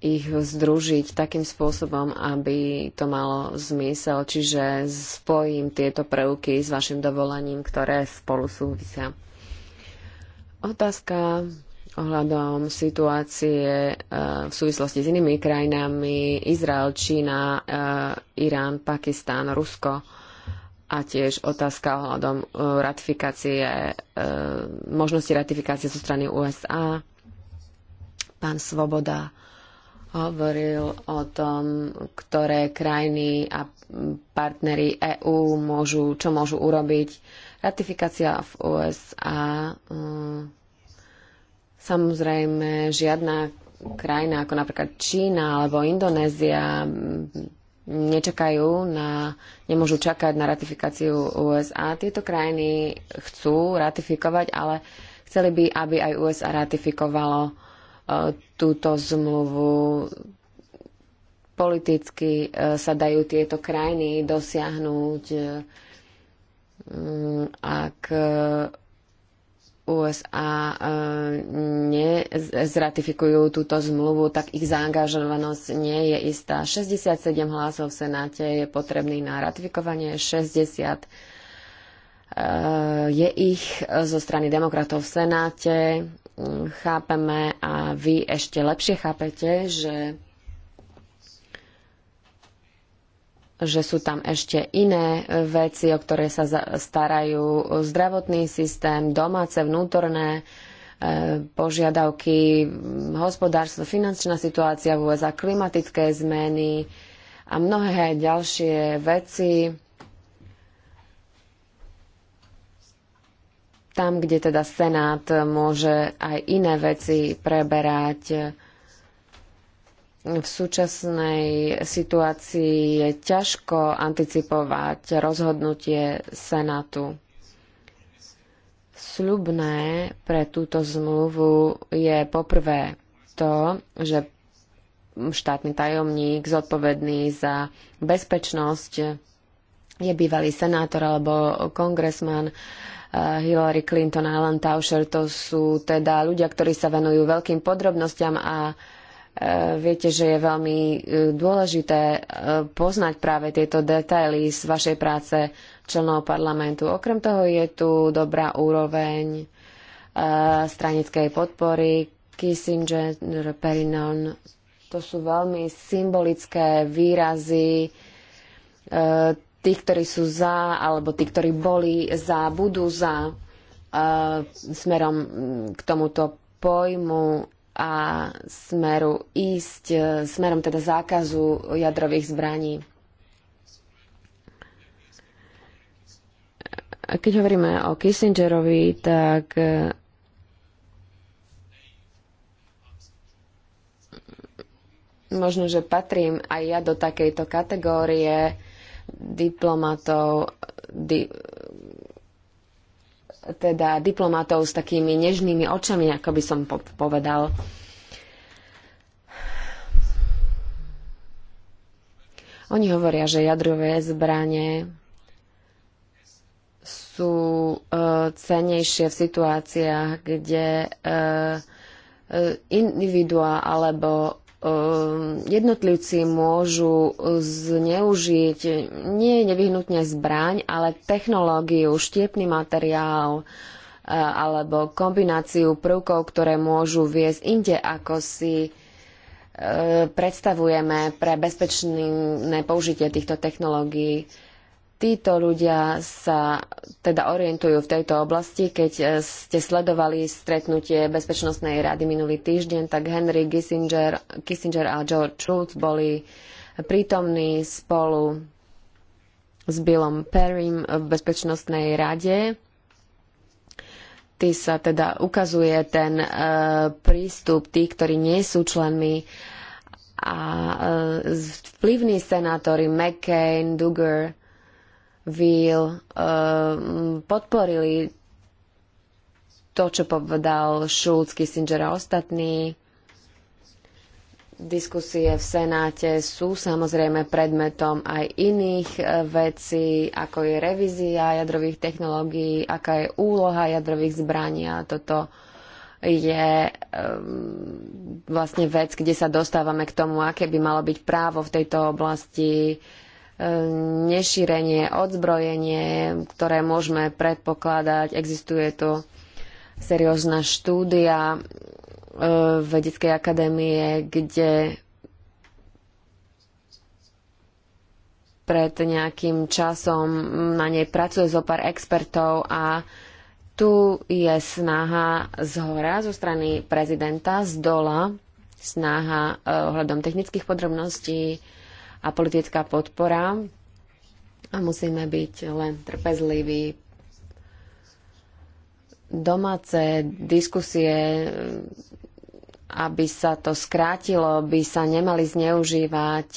ich združiť takým spôsobom, aby to malo zmysel. Čiže spojím tieto prvky s vašim dovolením, ktoré spolu súvisia. Otázka ohľadom situácie eh, v súvislosti s inými krajinami Izrael, Čína, eh, Irán, Pakistán, Rusko a tiež otázka ohľadom e, ratifikácie, e, možnosti ratifikácie zo strany USA. Pán Svoboda hovoril o tom, ktoré krajiny a partnery EÚ môžu, čo môžu urobiť. Ratifikácia v USA. E, samozrejme, žiadna krajina ako napríklad Čína alebo Indonézia nečakajú na, nemôžu čakať na ratifikáciu USA. Tieto krajiny chcú ratifikovať, ale chceli by, aby aj USA ratifikovalo e, túto zmluvu. Politicky e, sa dajú tieto krajiny dosiahnuť, e, ak USA eh, nezratifikujú túto zmluvu, tak ich zaangažovanosť nie je istá. 67 hlasov v Senáte je potrebný na ratifikovanie, 60 eh, je ich zo strany demokratov v Senáte. Mm, chápeme a vy ešte lepšie chápete, že že sú tam ešte iné veci, o ktoré sa starajú zdravotný systém, domáce, vnútorné e, požiadavky, hospodárstvo, finančná situácia v USA, klimatické zmeny a mnohé ďalšie veci. Tam, kde teda Senát môže aj iné veci preberať v súčasnej situácii je ťažko anticipovať rozhodnutie Senátu. Sľubné pre túto zmluvu je poprvé to, že štátny tajomník zodpovedný za bezpečnosť je bývalý senátor alebo kongresman eh, Hillary Clinton a Alan Tauscher. To sú teda ľudia, ktorí sa venujú veľkým podrobnostiam a E, viete, že je veľmi e, dôležité e, poznať práve tieto detaily z vašej práce členov parlamentu. Okrem toho je tu dobrá úroveň stranickej podpory. Kissinger, Perinon, to sú veľmi symbolické výrazy tí, ktorí sú za, alebo tí, ktorí boli za, budú za smerom k tomuto pojmu a smeru ísť e, smerom teda zákazu jadrových zbraní. A Keď hovoríme o Kissingerovi, tak e, možno, že patrím aj ja do takejto kategórie diplomatov, di- teda diplomatov s takými nežnými očami, ako by som povedal. Oni hovoria, že jadrové zbranie sú uh, e, cenejšie v situáciách, kde uh, individuá alebo Ehm, jednotlivci môžu zneužiť nie nevyhnutne zbraň, ale technológiu, štiepný materiál e, alebo kombináciu prvkov, ktoré môžu viesť inde, ako si e, predstavujeme pre bezpečné použitie týchto technológií títo ľudia sa teda orientujú v tejto oblasti. Keď e, ste sledovali stretnutie Bezpečnostnej rady minulý týždeň, tak Henry Kissinger, Kissinger a George Schultz boli prítomní spolu s Billom Perrym v Bezpečnostnej rade. Ty sa teda ukazuje ten e, prístup tých, ktorí nie sú členmi a e, vplyvní senátori McCain, Duggar, Will eh, podporili to, čo povedal Schulz, Kissinger a ostatní. Diskusie v Senáte sú samozrejme predmetom aj iných eh, vecí, ako je revízia jadrových technológií, aká je úloha jadrových zbraní a toto je um, vlastne vec, kde sa dostávame k tomu, aké by malo byť právo v tejto oblasti, nešírenie, odzbrojenie, ktoré môžeme predpokladať. Existuje tu seriózna štúdia e, vedeckej akadémie, kde pred nejakým časom na nej pracuje zo pár expertov a tu je snaha z hora, zo strany prezidenta, z dola, snaha e, ohľadom technických podrobností, a politická podpora. A musíme byť len trpezliví. Domáce diskusie, aby sa to skrátilo, by sa nemali zneužívať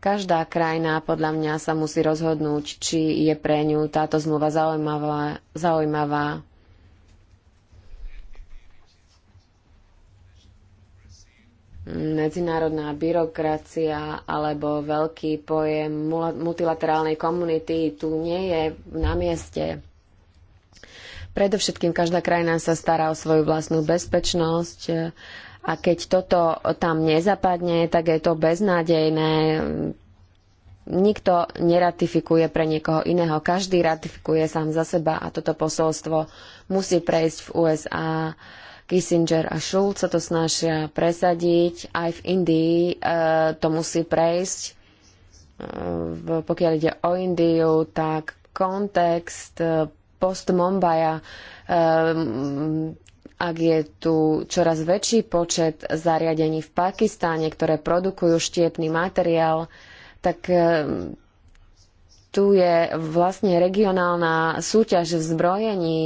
každá krajina podľa mňa sa musí rozhodnúť, či je pre ňu táto zmluva zaujímavá, zaujímavá medzinárodná byrokracia alebo veľký pojem multilaterálnej komunity tu nie je na mieste. Predovšetkým každá krajina sa stará o svoju vlastnú bezpečnosť a keď toto tam nezapadne, tak je to beznádejné. Nikto neratifikuje pre niekoho iného, každý ratifikuje sám za seba a toto posolstvo musí prejsť v USA Kissinger a Schulz sa to snažia presadiť. Aj v Indii uh, to musí prejsť. Uh, pokiaľ ide o Indiu, tak kontext uh, post Mombaja, ak je tu čoraz väčší počet zariadení v Pakistáne, ktoré produkujú štiepný materiál, tak tu je vlastne regionálna súťaž v zbrojení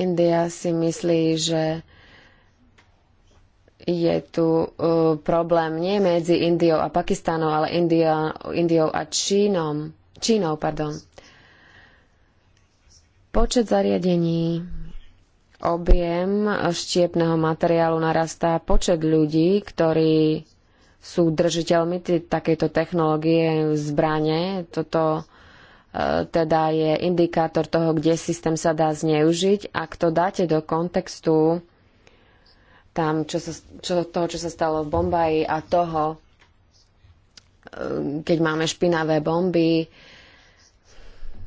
India si myslí, že je tu uh, problém nie medzi Indiou a Pakistanom, ale India, Indiou a Čínom. Čínou, pardon. Počet zariadení, objem štiepného materiálu narastá, počet ľudí, ktorí sú držiteľmi takejto technológie zbranie toto teda je indikátor toho, kde systém sa dá zneužiť. Ak to dáte do kontextu tam, čo sa, čo, toho, čo sa stalo v Bombaji a toho, e, keď máme špinavé bomby,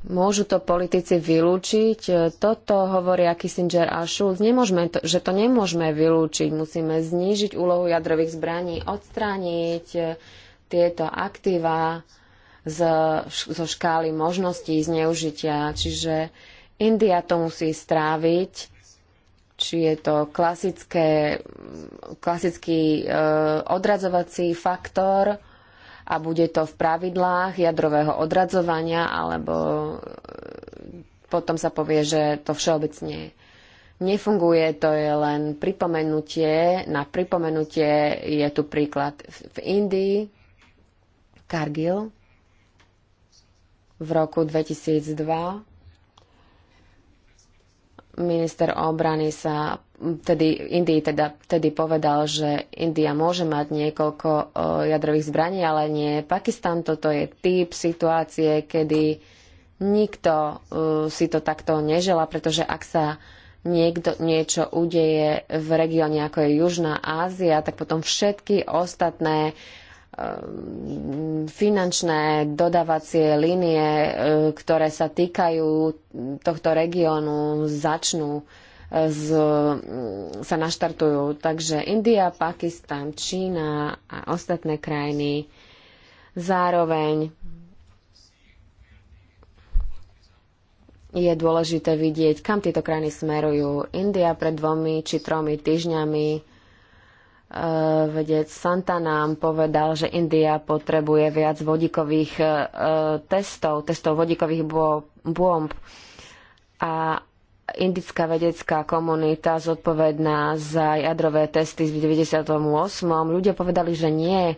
môžu to politici vylúčiť. E, toto hovoria Kissinger a Schulz, nemôžeme to, že to nemôžeme vylúčiť. Musíme znížiť úlohu jadrových zbraní, odstrániť e, tieto aktíva z, zo škály možností zneužitia. Čiže India to musí stráviť, či je to klasické, klasický e, odradzovací faktor a bude to v pravidlách jadrového odradzovania, alebo e, potom sa povie, že to všeobecne nefunguje, to je len pripomenutie. Na pripomenutie je tu príklad v Indii, Kargil, v roku 2002 minister obrany sa tedy, Indii teda, tedy povedal, že India môže mať niekoľko e, jadrových zbraní, ale nie Pakistan. Toto je typ situácie, kedy nikto e, si to takto nežela, pretože ak sa niekto niečo udeje v regióne ako je Južná Ázia, tak potom všetky ostatné uh, Ehm, finančné dodávacie línie, e, ktoré sa týkajú tohto regiónu, začnú e, z, mm, sa naštartujú. Takže India, Pakistan, Čína a ostatné krajiny zároveň je dôležité vidieť, kam tieto krajiny smerujú. India pred dvomi či tromi týždňami Eh, vedec Santa nám povedal, že India potrebuje viac vodíkových eh, testov, testov vodíkových bomb. A indická vedecká komunita zodpovedná za jadrové testy z 98. Ľudia povedali, že nie, eh,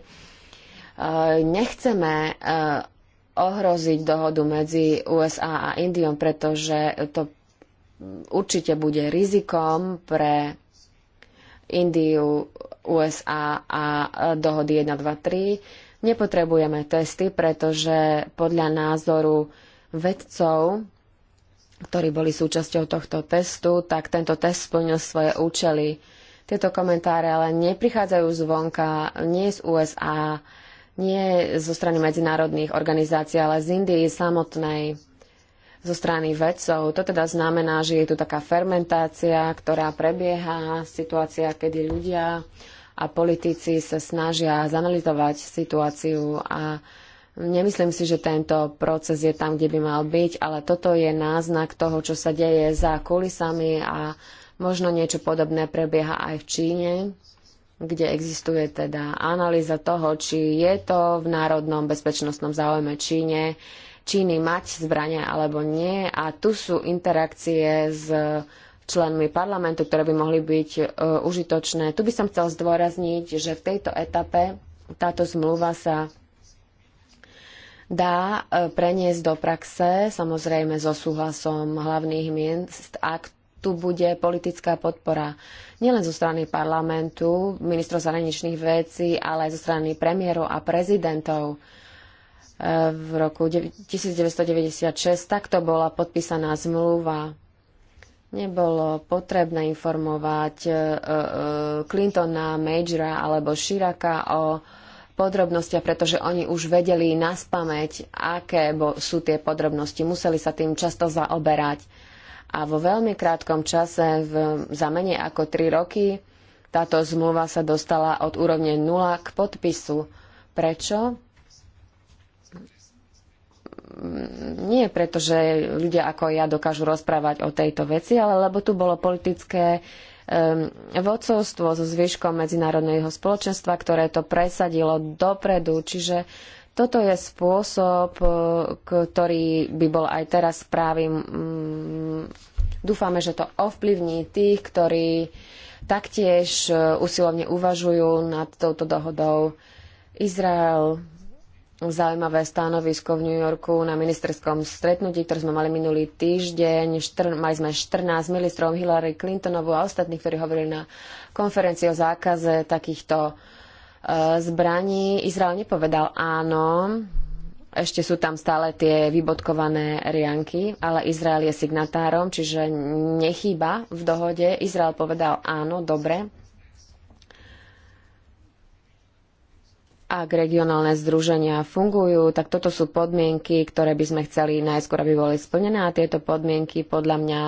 nechceme ohroziť dohodu medzi USA a Indiom, pretože to určite bude rizikom pre Indiu USA a e, dohody 1, 2, 3. Nepotrebujeme testy, pretože podľa názoru vedcov, ktorí boli súčasťou tohto testu, tak tento test splnil svoje účely. Tieto komentáre ale neprichádzajú zvonka, nie z USA, nie zo strany medzinárodných organizácií, ale z Indii samotnej, zo strany vedcov. To teda znamená, že je tu taká fermentácia, ktorá prebieha, situácia, kedy ľudia a politici sa snažia zanalizovať situáciu a Nemyslím si, že tento proces je tam, kde by mal byť, ale toto je náznak toho, čo sa deje za kulisami a možno niečo podobné prebieha aj v Číne, kde existuje teda analýza toho, či je to v národnom bezpečnostnom záujme Číne, Číny mať zbranie alebo nie. A tu sú interakcie s členmi parlamentu, ktoré by mohli byť e, užitočné. Tu by som chcel zdôrazniť, že v tejto etape táto zmluva sa dá e, preniesť do praxe, samozrejme so súhlasom hlavných miest, ak tu bude politická podpora nielen zo strany parlamentu, ministrov zahraničných vecí, ale aj zo strany premiérov a prezidentov e, v roku 1996 takto bola podpísaná zmluva nebolo potrebné informovať e, e, Clintona, Majora alebo Širaka o podrobnostiach, pretože oni už vedeli na spameť, aké sú tie podrobnosti. Museli sa tým často zaoberať. A vo veľmi krátkom čase, v, za menej ako 3 roky, táto zmluva sa dostala od úrovne 0 k podpisu. Prečo? nie preto, že ľudia ako ja dokážu rozprávať o tejto veci, ale lebo tu bolo politické vodcovstvo so zvyškom medzinárodného spoločenstva, ktoré to presadilo dopredu. Čiže toto je spôsob, eh, ktorý by bol aj teraz správy. Mm, dúfame, že to ovplyvní tých, ktorí taktiež eh, usilovne uvažujú nad touto dohodou. Izrael zaujímavé stanovisko v New Yorku na ministerskom stretnutí, ktoré sme mali minulý týždeň. Štr- mali sme 14 ministrov Hillary Clintonovú a ostatných, ktorí hovorili na konferencii o zákaze takýchto e, zbraní. Izrael nepovedal áno, ešte sú tam stále tie vybodkované rianky, ale Izrael je signatárom, čiže nechýba v dohode. Izrael povedal áno, dobre, ak regionálne združenia fungujú, tak toto sú podmienky, ktoré by sme chceli najskôr, aby boli splnené a tieto podmienky podľa mňa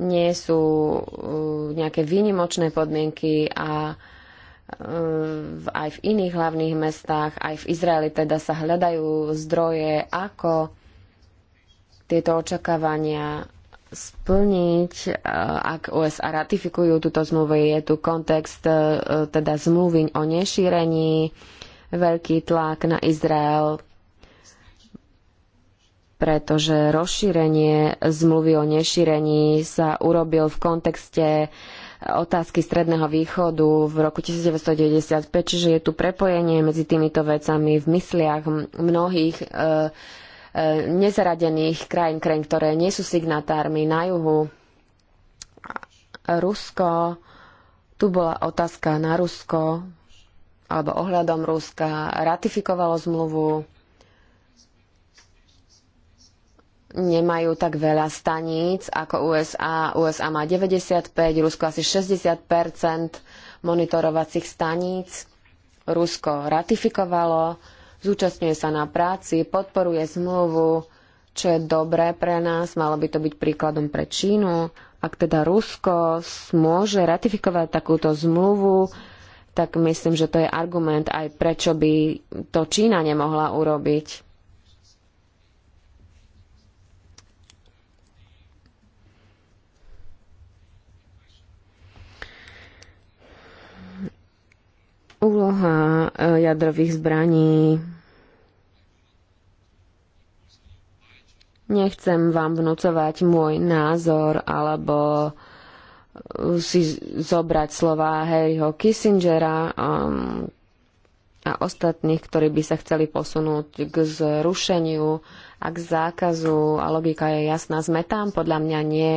nie sú uh, nejaké výnimočné podmienky a uh, aj v iných hlavných mestách, aj v Izraeli teda sa hľadajú zdroje, ako tieto očakávania splniť, uh, ak USA ratifikujú túto zmluvu. Je tu kontext teda zmluvy o nešírení, veľký tlak na Izrael, pretože rozšírenie zmluvy o nešírení sa urobil v kontexte otázky Stredného východu v roku 1995, čiže je tu prepojenie medzi týmito vecami v mysliach mnohých e, e, nezaradených krajín, krajín, ktoré nie sú signatármi na juhu. Rusko, tu bola otázka na Rusko, alebo ohľadom Ruska ratifikovalo zmluvu, nemajú tak veľa staníc ako USA. USA má 95, Rusko asi 60 monitorovacích staníc. Rusko ratifikovalo, zúčastňuje sa na práci, podporuje zmluvu, čo je dobré pre nás, malo by to byť príkladom pre Čínu. Ak teda Rusko môže ratifikovať takúto zmluvu, tak myslím, že to je argument aj prečo by to Čína nemohla urobiť. Úloha e, jadrových zbraní. Nechcem vám vnúcovať môj názor alebo si zobrať slova Harryho Kissingera a, um, a ostatných, ktorí by sa chceli posunúť k zrušeniu a k zákazu. A logika je jasná. Sme tam? Podľa mňa nie.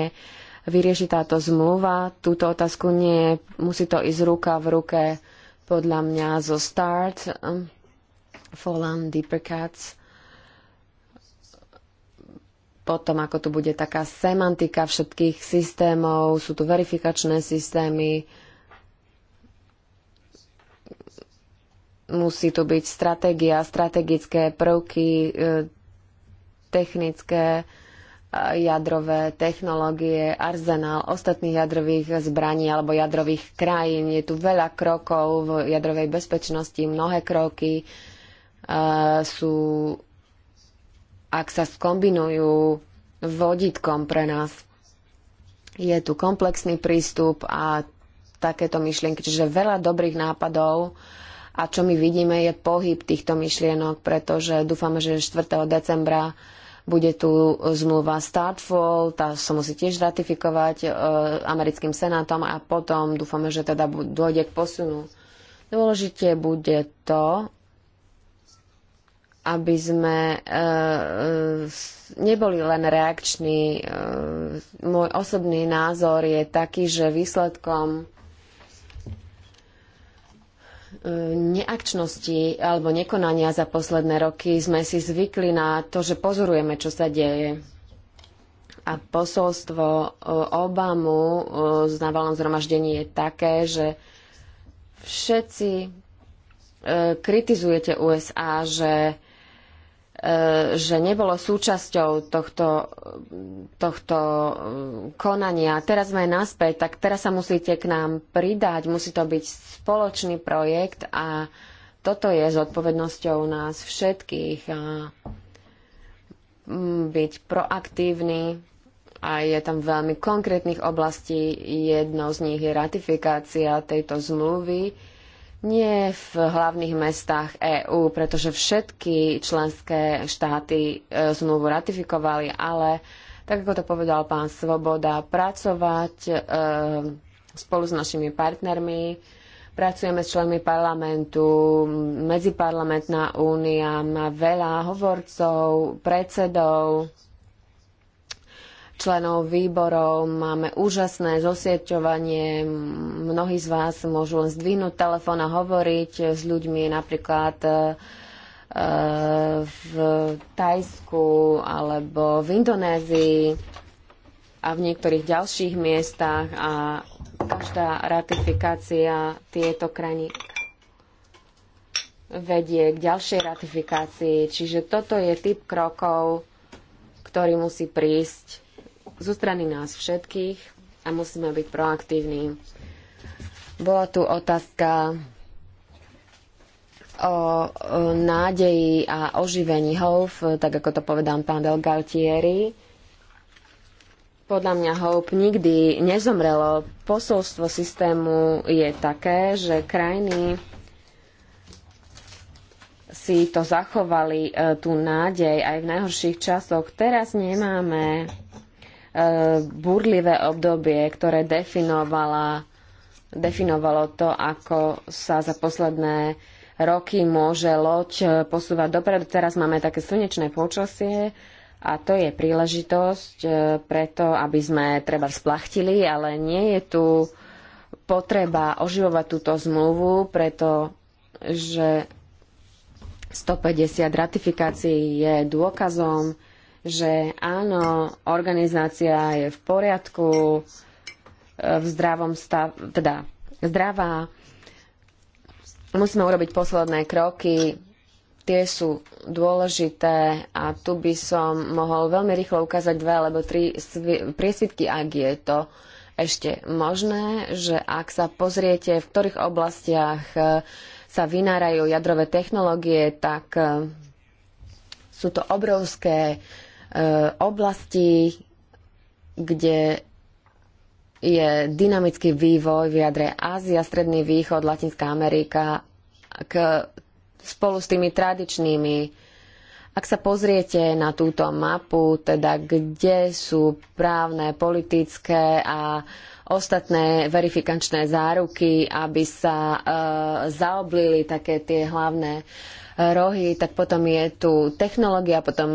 Vyrieši táto zmluva túto otázku? Nie. Musí to ísť ruka v ruke podľa mňa zo Start, um, Fallen Deeper Cats potom, ako tu bude taká semantika všetkých systémov, sú tu verifikačné systémy, musí tu byť stratégia, strategické prvky, e, technické, e, jadrové technológie, arzenál ostatných jadrových zbraní alebo jadrových krajín. Je tu veľa krokov v jadrovej bezpečnosti, mnohé kroky e, sú ak sa skombinujú vodítkom pre nás. Je tu komplexný prístup a takéto myšlienky, čiže veľa dobrých nápadov a čo my vidíme je pohyb týchto myšlienok, pretože dúfame, že 4. decembra bude tu zmluva Startfall, tá sa musí tiež ratifikovať e, americkým senátom a potom dúfame, že teda dôjde k posunu. Dôležite bude to, aby sme e, e, neboli len reakční. E, môj osobný názor je taký, že výsledkom neakčnosti alebo nekonania za posledné roky sme si zvykli na to, že pozorujeme, čo sa deje. A posolstvo Obamu z návalom zhromaždení je také, že všetci kritizujete USA, že E, že nebolo súčasťou tohto, tohto e, konania. Teraz sme naspäť, tak teraz sa musíte k nám pridať, musí to byť spoločný projekt a toto je zodpovednosťou nás všetkých a byť proaktívny a je tam veľmi konkrétnych oblastí. Jednou z nich je ratifikácia tejto zmluvy nie v hlavných mestách EÚ, pretože všetky členské štáty e, zmluvu ratifikovali, ale tak ako to povedal pán Svoboda, pracovať e, spolu s našimi partnermi. Pracujeme s členmi parlamentu, medziparlamentná únia má veľa hovorcov, predsedov, členov výborov, máme úžasné zosieťovanie, mnohí z vás môžu len zdvihnúť telefón a hovoriť s ľuďmi napríklad e, e, v Tajsku alebo v Indonézii a v niektorých ďalších miestach a každá ratifikácia tieto krajiny vedie k ďalšej ratifikácii. Čiže toto je typ krokov, ktorý musí prísť zo strany nás všetkých a musíme byť proaktívni. Bola tu otázka o, nádeji a oživení HOVE, tak ako to povedal pán Del Galtieri. Podľa mňa HOV nikdy nezomrelo. Posolstvo systému je také, že krajiny si to zachovali, e, tú nádej aj v najhorších časoch. Teraz nemáme E, burlivé obdobie, ktoré definovala, definovalo to, ako sa za posledné roky môže loď e, posúvať dopredu. Teraz máme také slnečné počasie a to je príležitosť e, preto, aby sme treba splachtili, ale nie je tu potreba oživovať túto zmluvu, pretože 150 ratifikácií je dôkazom, že áno, organizácia je v poriadku, e, v zdravom stav, teda zdravá. Musíme urobiť posledné kroky, tie sú dôležité a tu by som mohol veľmi rýchlo ukázať dve alebo tri priesvitky, ak je to ešte možné, že ak sa pozriete, v ktorých oblastiach e, sa vynárajú jadrové technológie, tak e, sú to obrovské oblasti, kde je dynamický vývoj v jadre Ázia, Stredný východ, Latinská Amerika k, spolu s tými tradičnými. Ak sa pozriete na túto mapu, teda kde sú právne, politické a ostatné verifikačné záruky, aby sa e, zaoblili také tie hlavné e, rohy, tak potom je tu technológia, potom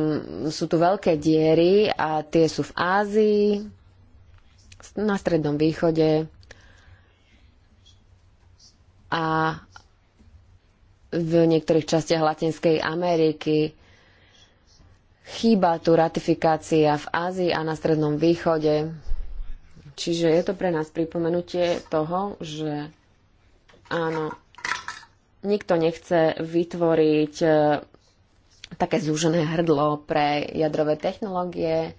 sú tu veľké diery a tie sú v Ázii, na Strednom východe a v niektorých častiach Latinskej Ameriky. Chýba tu ratifikácia v Ázii a na Strednom východe. Čiže je to pre nás pripomenutie toho, že áno, nikto nechce vytvoriť e, také zúžené hrdlo pre jadrové technológie,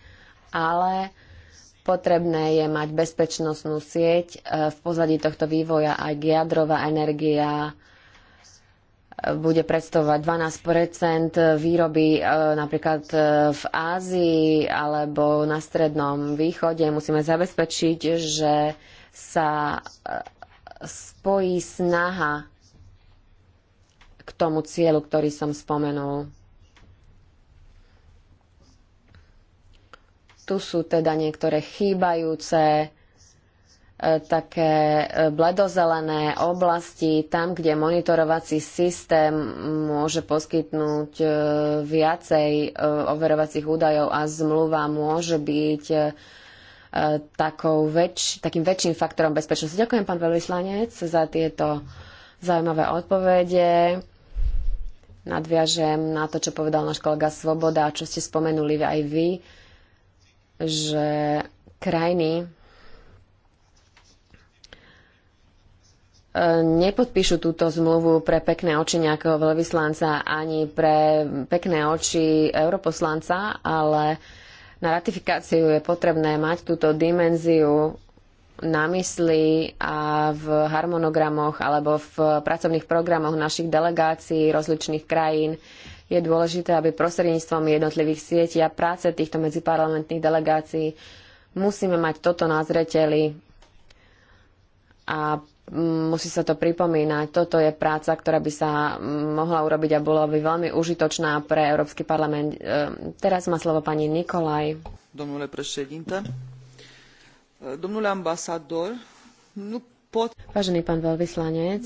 ale potrebné je mať bezpečnostnú sieť e, v pozadí tohto vývoja aj jadrová energia e, bude predstavovať 12 výroby napríklad v Ázii alebo na Strednom východe. Musíme zabezpečiť, že sa spojí snaha k tomu cieľu, ktorý som spomenul. Tu sú teda niektoré chýbajúce e, také e, bledozelené oblasti, tam, kde monitorovací systém môže poskytnúť e, viacej overovacích údajov a zmluva môže byť väč takým väčším faktorom bezpečnosti. Ďakujem, pán veľvyslanec, za tieto zaujímavé odpovede nadviažem na to, čo povedal náš kolega Svoboda a čo ste spomenuli aj vy, že krajiny e, nepodpíšu túto zmluvu pre pekné oči nejakého veľvyslanca ani pre pekné oči europoslanca, ale na ratifikáciu je potrebné mať túto dimenziu na mysli a v harmonogramoch alebo v pracovných programoch našich delegácií rozličných krajín je dôležité, aby prostredníctvom jednotlivých sietí a práce týchto medziparlamentných delegácií musíme mať toto na zreteli a musí sa to pripomínať. Toto je práca, ktorá by sa mohla urobiť a bola by veľmi užitočná pre Európsky parlament. Ehm, teraz má slovo pani Nikolaj. Domnule Vážený pán veľvyslanec,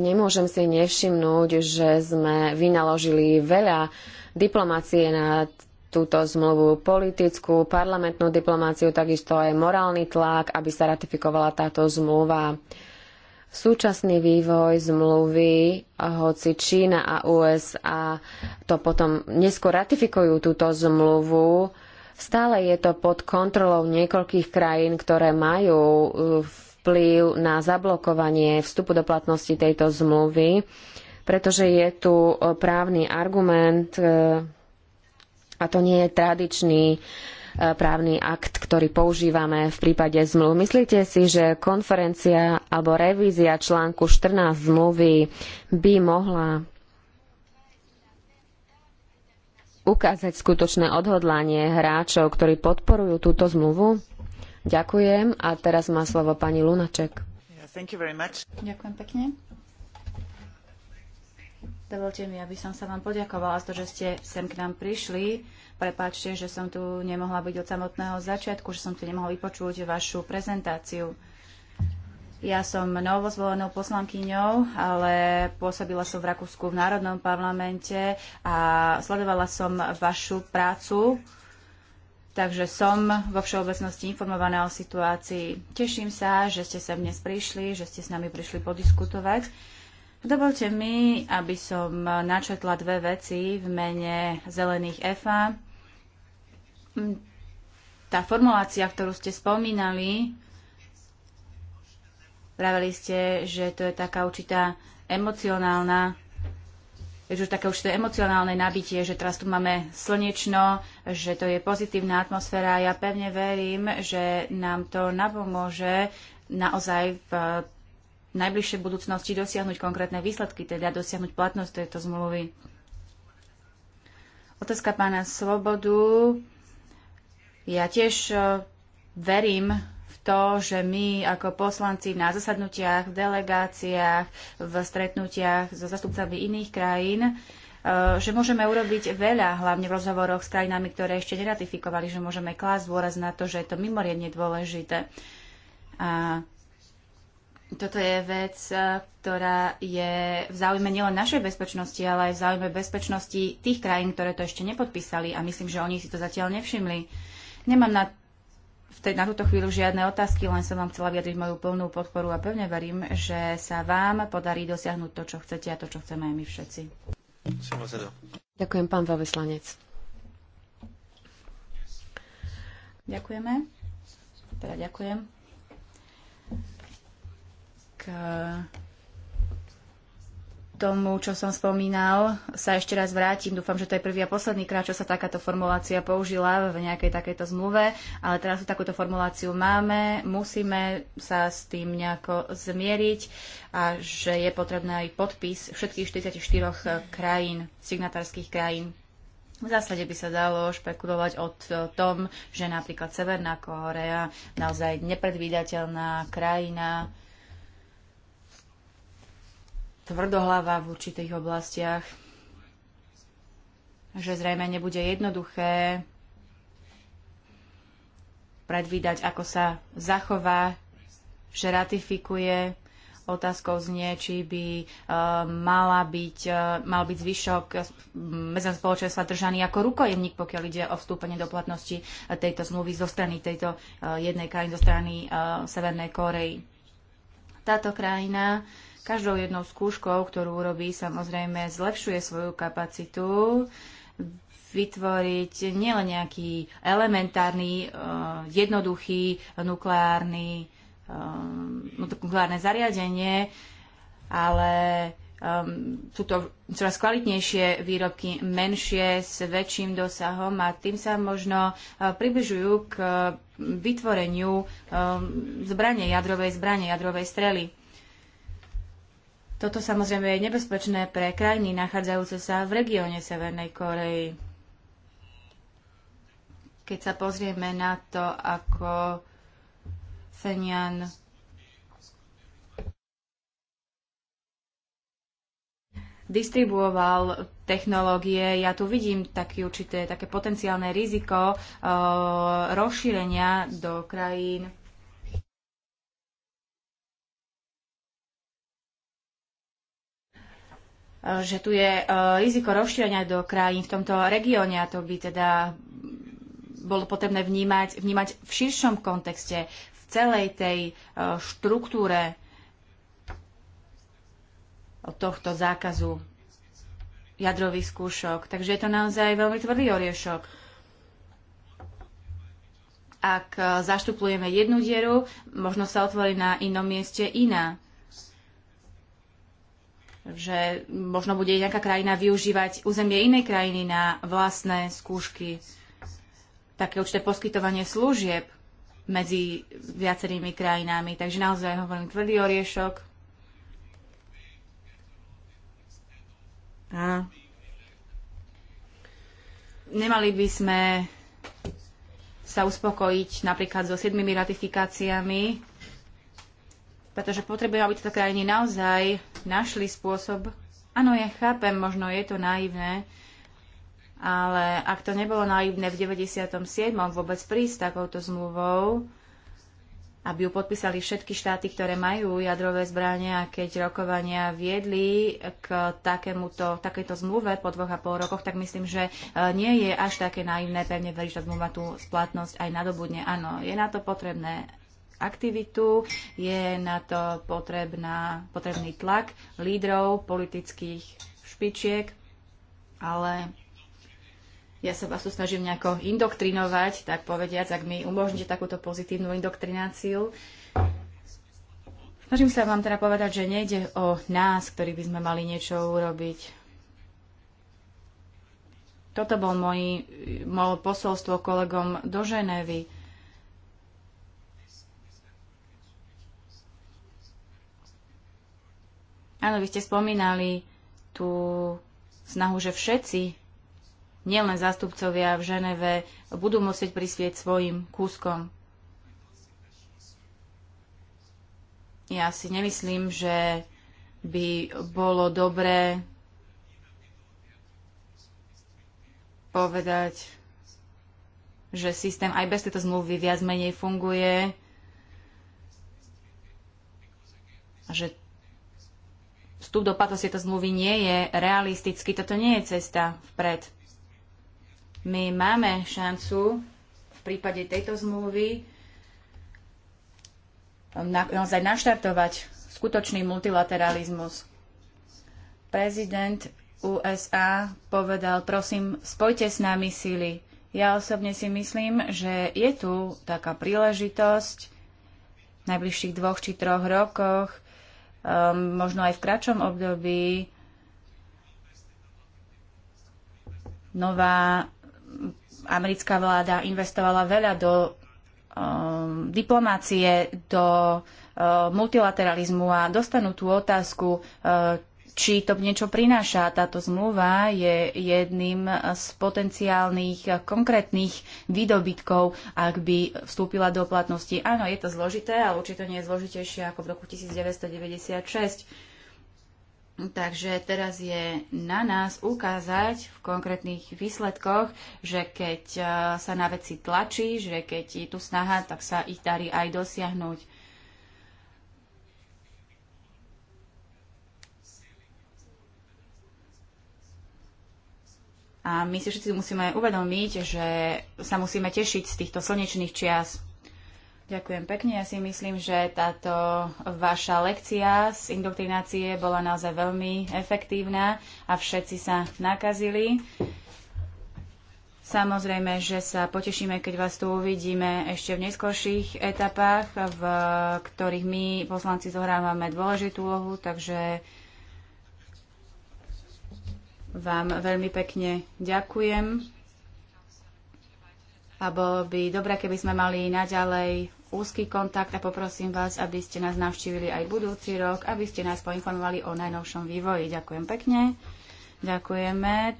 nemôžem si nevšimnúť, že sme vynaložili veľa diplomácie na túto zmluvu politickú, parlamentnú diplomáciu, takisto aj morálny tlak, aby sa ratifikovala táto zmluva. Súčasný vývoj zmluvy, hoci Čína a USA to potom neskôr ratifikujú túto zmluvu, Stále je to pod kontrolou niekoľkých krajín, ktoré majú uh, vplyv na zablokovanie vstupu do platnosti tejto zmluvy, pretože je tu uh, právny argument uh, a to nie je tradičný právny akt, ktorý používame v prípade zmluv. Myslíte si, že konferencia alebo revízia článku 14 zmluvy by mohla ukázať skutočné odhodlanie hráčov, ktorí podporujú túto zmluvu? Ďakujem a teraz má slovo pani Lunaček. Ďakujem pekne. Dovolte mi, aby som sa vám poďakovala za to, že ste sem k nám prišli. Prepáčte, že som tu nemohla byť od samotného začiatku, že som tu nemohla vypočuť vašu prezentáciu. Ja som novozvolenou poslankyňou, ale pôsobila som v Rakúsku v Národnom parlamente a sledovala som vašu prácu, takže som vo všeobecnosti informovaná o situácii. Teším sa, že ste sem dnes prišli, že ste s nami prišli podiskutovať. Dovolte mi, aby som načetla dve veci v mene Zelených EFA. Hm, tá formulácia, ktorú ste spomínali, Vraveli ste, že to je taká určitá emocionálna že už také určité emocionálne nabitie, že teraz tu máme slnečno, že to je pozitívna atmosféra. Ja pevne verím, že nám to napomôže naozaj v najbližšej budúcnosti dosiahnuť konkrétne výsledky, teda dosiahnuť platnosť tejto zmluvy. Otázka pána Svobodu. Ja tiež eh, verím to, že my ako poslanci na zasadnutiach, v delegáciách, v stretnutiach so zastupcami iných krajín, e, že môžeme urobiť veľa, hlavne v rozhovoroch s krajinami, ktoré ešte neratifikovali, že môžeme klásť dôraz na to, že je to mimoriadne dôležité. A toto je vec, e, ktorá je v záujme nielen našej bezpečnosti, ale aj v záujme bezpečnosti tých krajín, ktoré to ešte nepodpísali a myslím, že oni si to zatiaľ nevšimli. Nemám na na túto chvíľu žiadne otázky, len som vám chcela vyjadriť moju plnú podporu a pevne verím, že sa vám podarí dosiahnuť to, čo chcete a to, čo chceme aj my všetci. Ďakujem, pán veľvyslanec. Ďakujeme. Teda ďakujem. K tomu, čo som spomínal, sa ešte raz vrátim. Dúfam, že to je prvý a posledný krát, čo sa takáto formulácia použila v nejakej takejto zmluve, ale teraz takúto formuláciu máme, musíme sa s tým nejako zmieriť a že je potrebný aj podpis všetkých 44 krajín, signatárskych krajín. V zásade by sa dalo špekulovať o tom, že napríklad Severná Korea, naozaj nepredvídateľná krajina, tvrdohlava v určitých oblastiach, že zrejme nebude jednoduché predvídať, ako sa zachová, že ratifikuje. Otázkou znie, či by e, mala byť, e, mal byť zvyšok e, medzi spoločenstva držaný ako rukojemník, pokiaľ ide o vstúpenie do platnosti tejto zmluvy zo strany tejto jednej krajiny, zo strany Severnej Korei. Táto krajina Každou jednou skúškou, ktorú urobí, samozrejme zlepšuje svoju kapacitu vytvoriť nielen nejaký elementárny, e, jednoduchý nukleárny, e, no, nukleárne zariadenie, ale um, sú to čoraz kvalitnejšie výrobky, menšie, s väčším dosahom a tým sa možno uh, približujú k uh, vytvoreniu um, zbranie, jadrovej zbranie, jadrovej strely. Toto samozrejme je nebezpečné pre krajiny nachádzajúce sa v regióne Severnej Korei. Keď sa pozrieme na to, ako Fenian distribuoval technológie. Ja tu vidím taký určité, také potenciálne riziko uh, rozšírenia do krajín Eh, že tu je eh, riziko rozšírenia do krajín v tomto regióne a to by teda bolo potrebné vnímať, vnímať v širšom kontexte, v celej tej eh, štruktúre tohto zákazu jadrových skúšok. Takže je to naozaj veľmi tvrdý oriešok. Ak zaštuplujeme jednu dieru, možno sa otvorí na inom mieste iná že možno bude nejaká krajina využívať územie inej krajiny na vlastné skúšky, také určité poskytovanie služieb medzi viacerými krajinami. Takže naozaj hovorím tvrdý oriešok. A nemali by sme sa uspokojiť napríklad so siedmimi ratifikáciami, pretože potrebujeme, aby tieto krajiny naozaj našli spôsob. Áno, ja chápem, možno je to naivné, ale ak to nebolo naivné v 97. vôbec prísť takouto zmluvou, aby ju podpísali všetky štáty, ktoré majú jadrové zbrania a keď rokovania viedli k takémuto, takéto zmluve po dvoch a pol rokoch, tak myslím, že e, nie je až také naivné pevne veriť, že zmluva tú splatnosť aj nadobudne. Áno, je na to potrebné aktivitu, je na to potrebná, potrebný tlak lídrov, politických špičiek, ale ja sa vás tu snažím nejako indoktrinovať, tak povediac, ak mi umožníte takúto pozitívnu indoktrináciu. Snažím sa vám teda povedať, že nejde o nás, ktorí by sme mali niečo urobiť. Toto bol môj, môj posolstvo kolegom do Ženevy Áno, vy ste spomínali tú snahu, že všetci, nielen zástupcovia v Ženeve, budú musieť prispieť svojim kúskom. Ja si nemyslím, že by bolo dobré povedať, že systém aj bez tejto zmluvy viac menej funguje že vstup do platnosti tejto zmluvy nie je realistický. Toto nie je cesta vpred. My máme šancu v prípade tejto zmluvy um, naozaj naštartovať skutočný multilateralizmus. Prezident USA povedal, prosím, spojte s nami síly. Ja osobne si myslím, že je tu taká príležitosť v najbližších dvoch či troch rokoch um, možno aj v kratšom období nová americká vláda investovala veľa do um, diplomácie, do uh, multilateralizmu a dostanú tú otázku, uh, či to niečo prináša. Táto zmluva je jedným z potenciálnych konkrétnych výdobytkov, ak by vstúpila do platnosti. Áno, je to zložité, ale určite nie je zložitejšie ako v roku 1996. Takže teraz je na nás ukázať v konkrétnych výsledkoch, že keď eh, sa na veci tlačí, že keď je tu snaha, tak sa ich darí aj dosiahnuť. A my si všetci musíme uvedomiť, že sa musíme tešiť z týchto slnečných čias. Ďakujem pekne. Ja si myslím, že táto vaša lekcia z indoktrinácie bola naozaj veľmi efektívna a všetci sa nakazili. Samozrejme, že sa potešíme, keď vás tu uvidíme ešte v neskorších etapách, v ktorých my poslanci zohrávame dôležitú úlohu, takže vám veľmi pekne ďakujem a bolo by dobré, keby sme mali naďalej úzky kontakt a poprosím vás, aby ste nás navštívili aj budúci rok, aby ste nás poinformovali o najnovšom vývoji. Ďakujem pekne. Ďakujeme.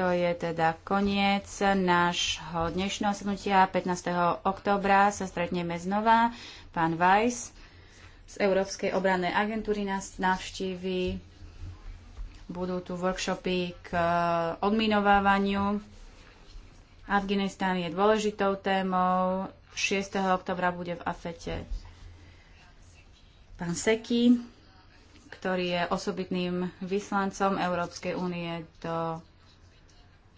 To je teda koniec nášho dnešného sednutia. 15. oktobra sa stretneme znova. Pán Weiss z Európskej obrannej agentúry nás navštíví. Budú tu workshopy k e, odminovávaniu. Afganistan je dôležitou témou. 6. oktobra bude v Afete pán Seki, ktorý je osobitným vyslancom Európskej únie do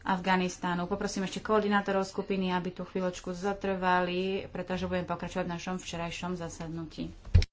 Afganistánu. Poprosím ešte koordinátorov skupiny, aby tú chvíľočku zatrvali, pretože budem pokračovať v našom včerajšom zasadnutí.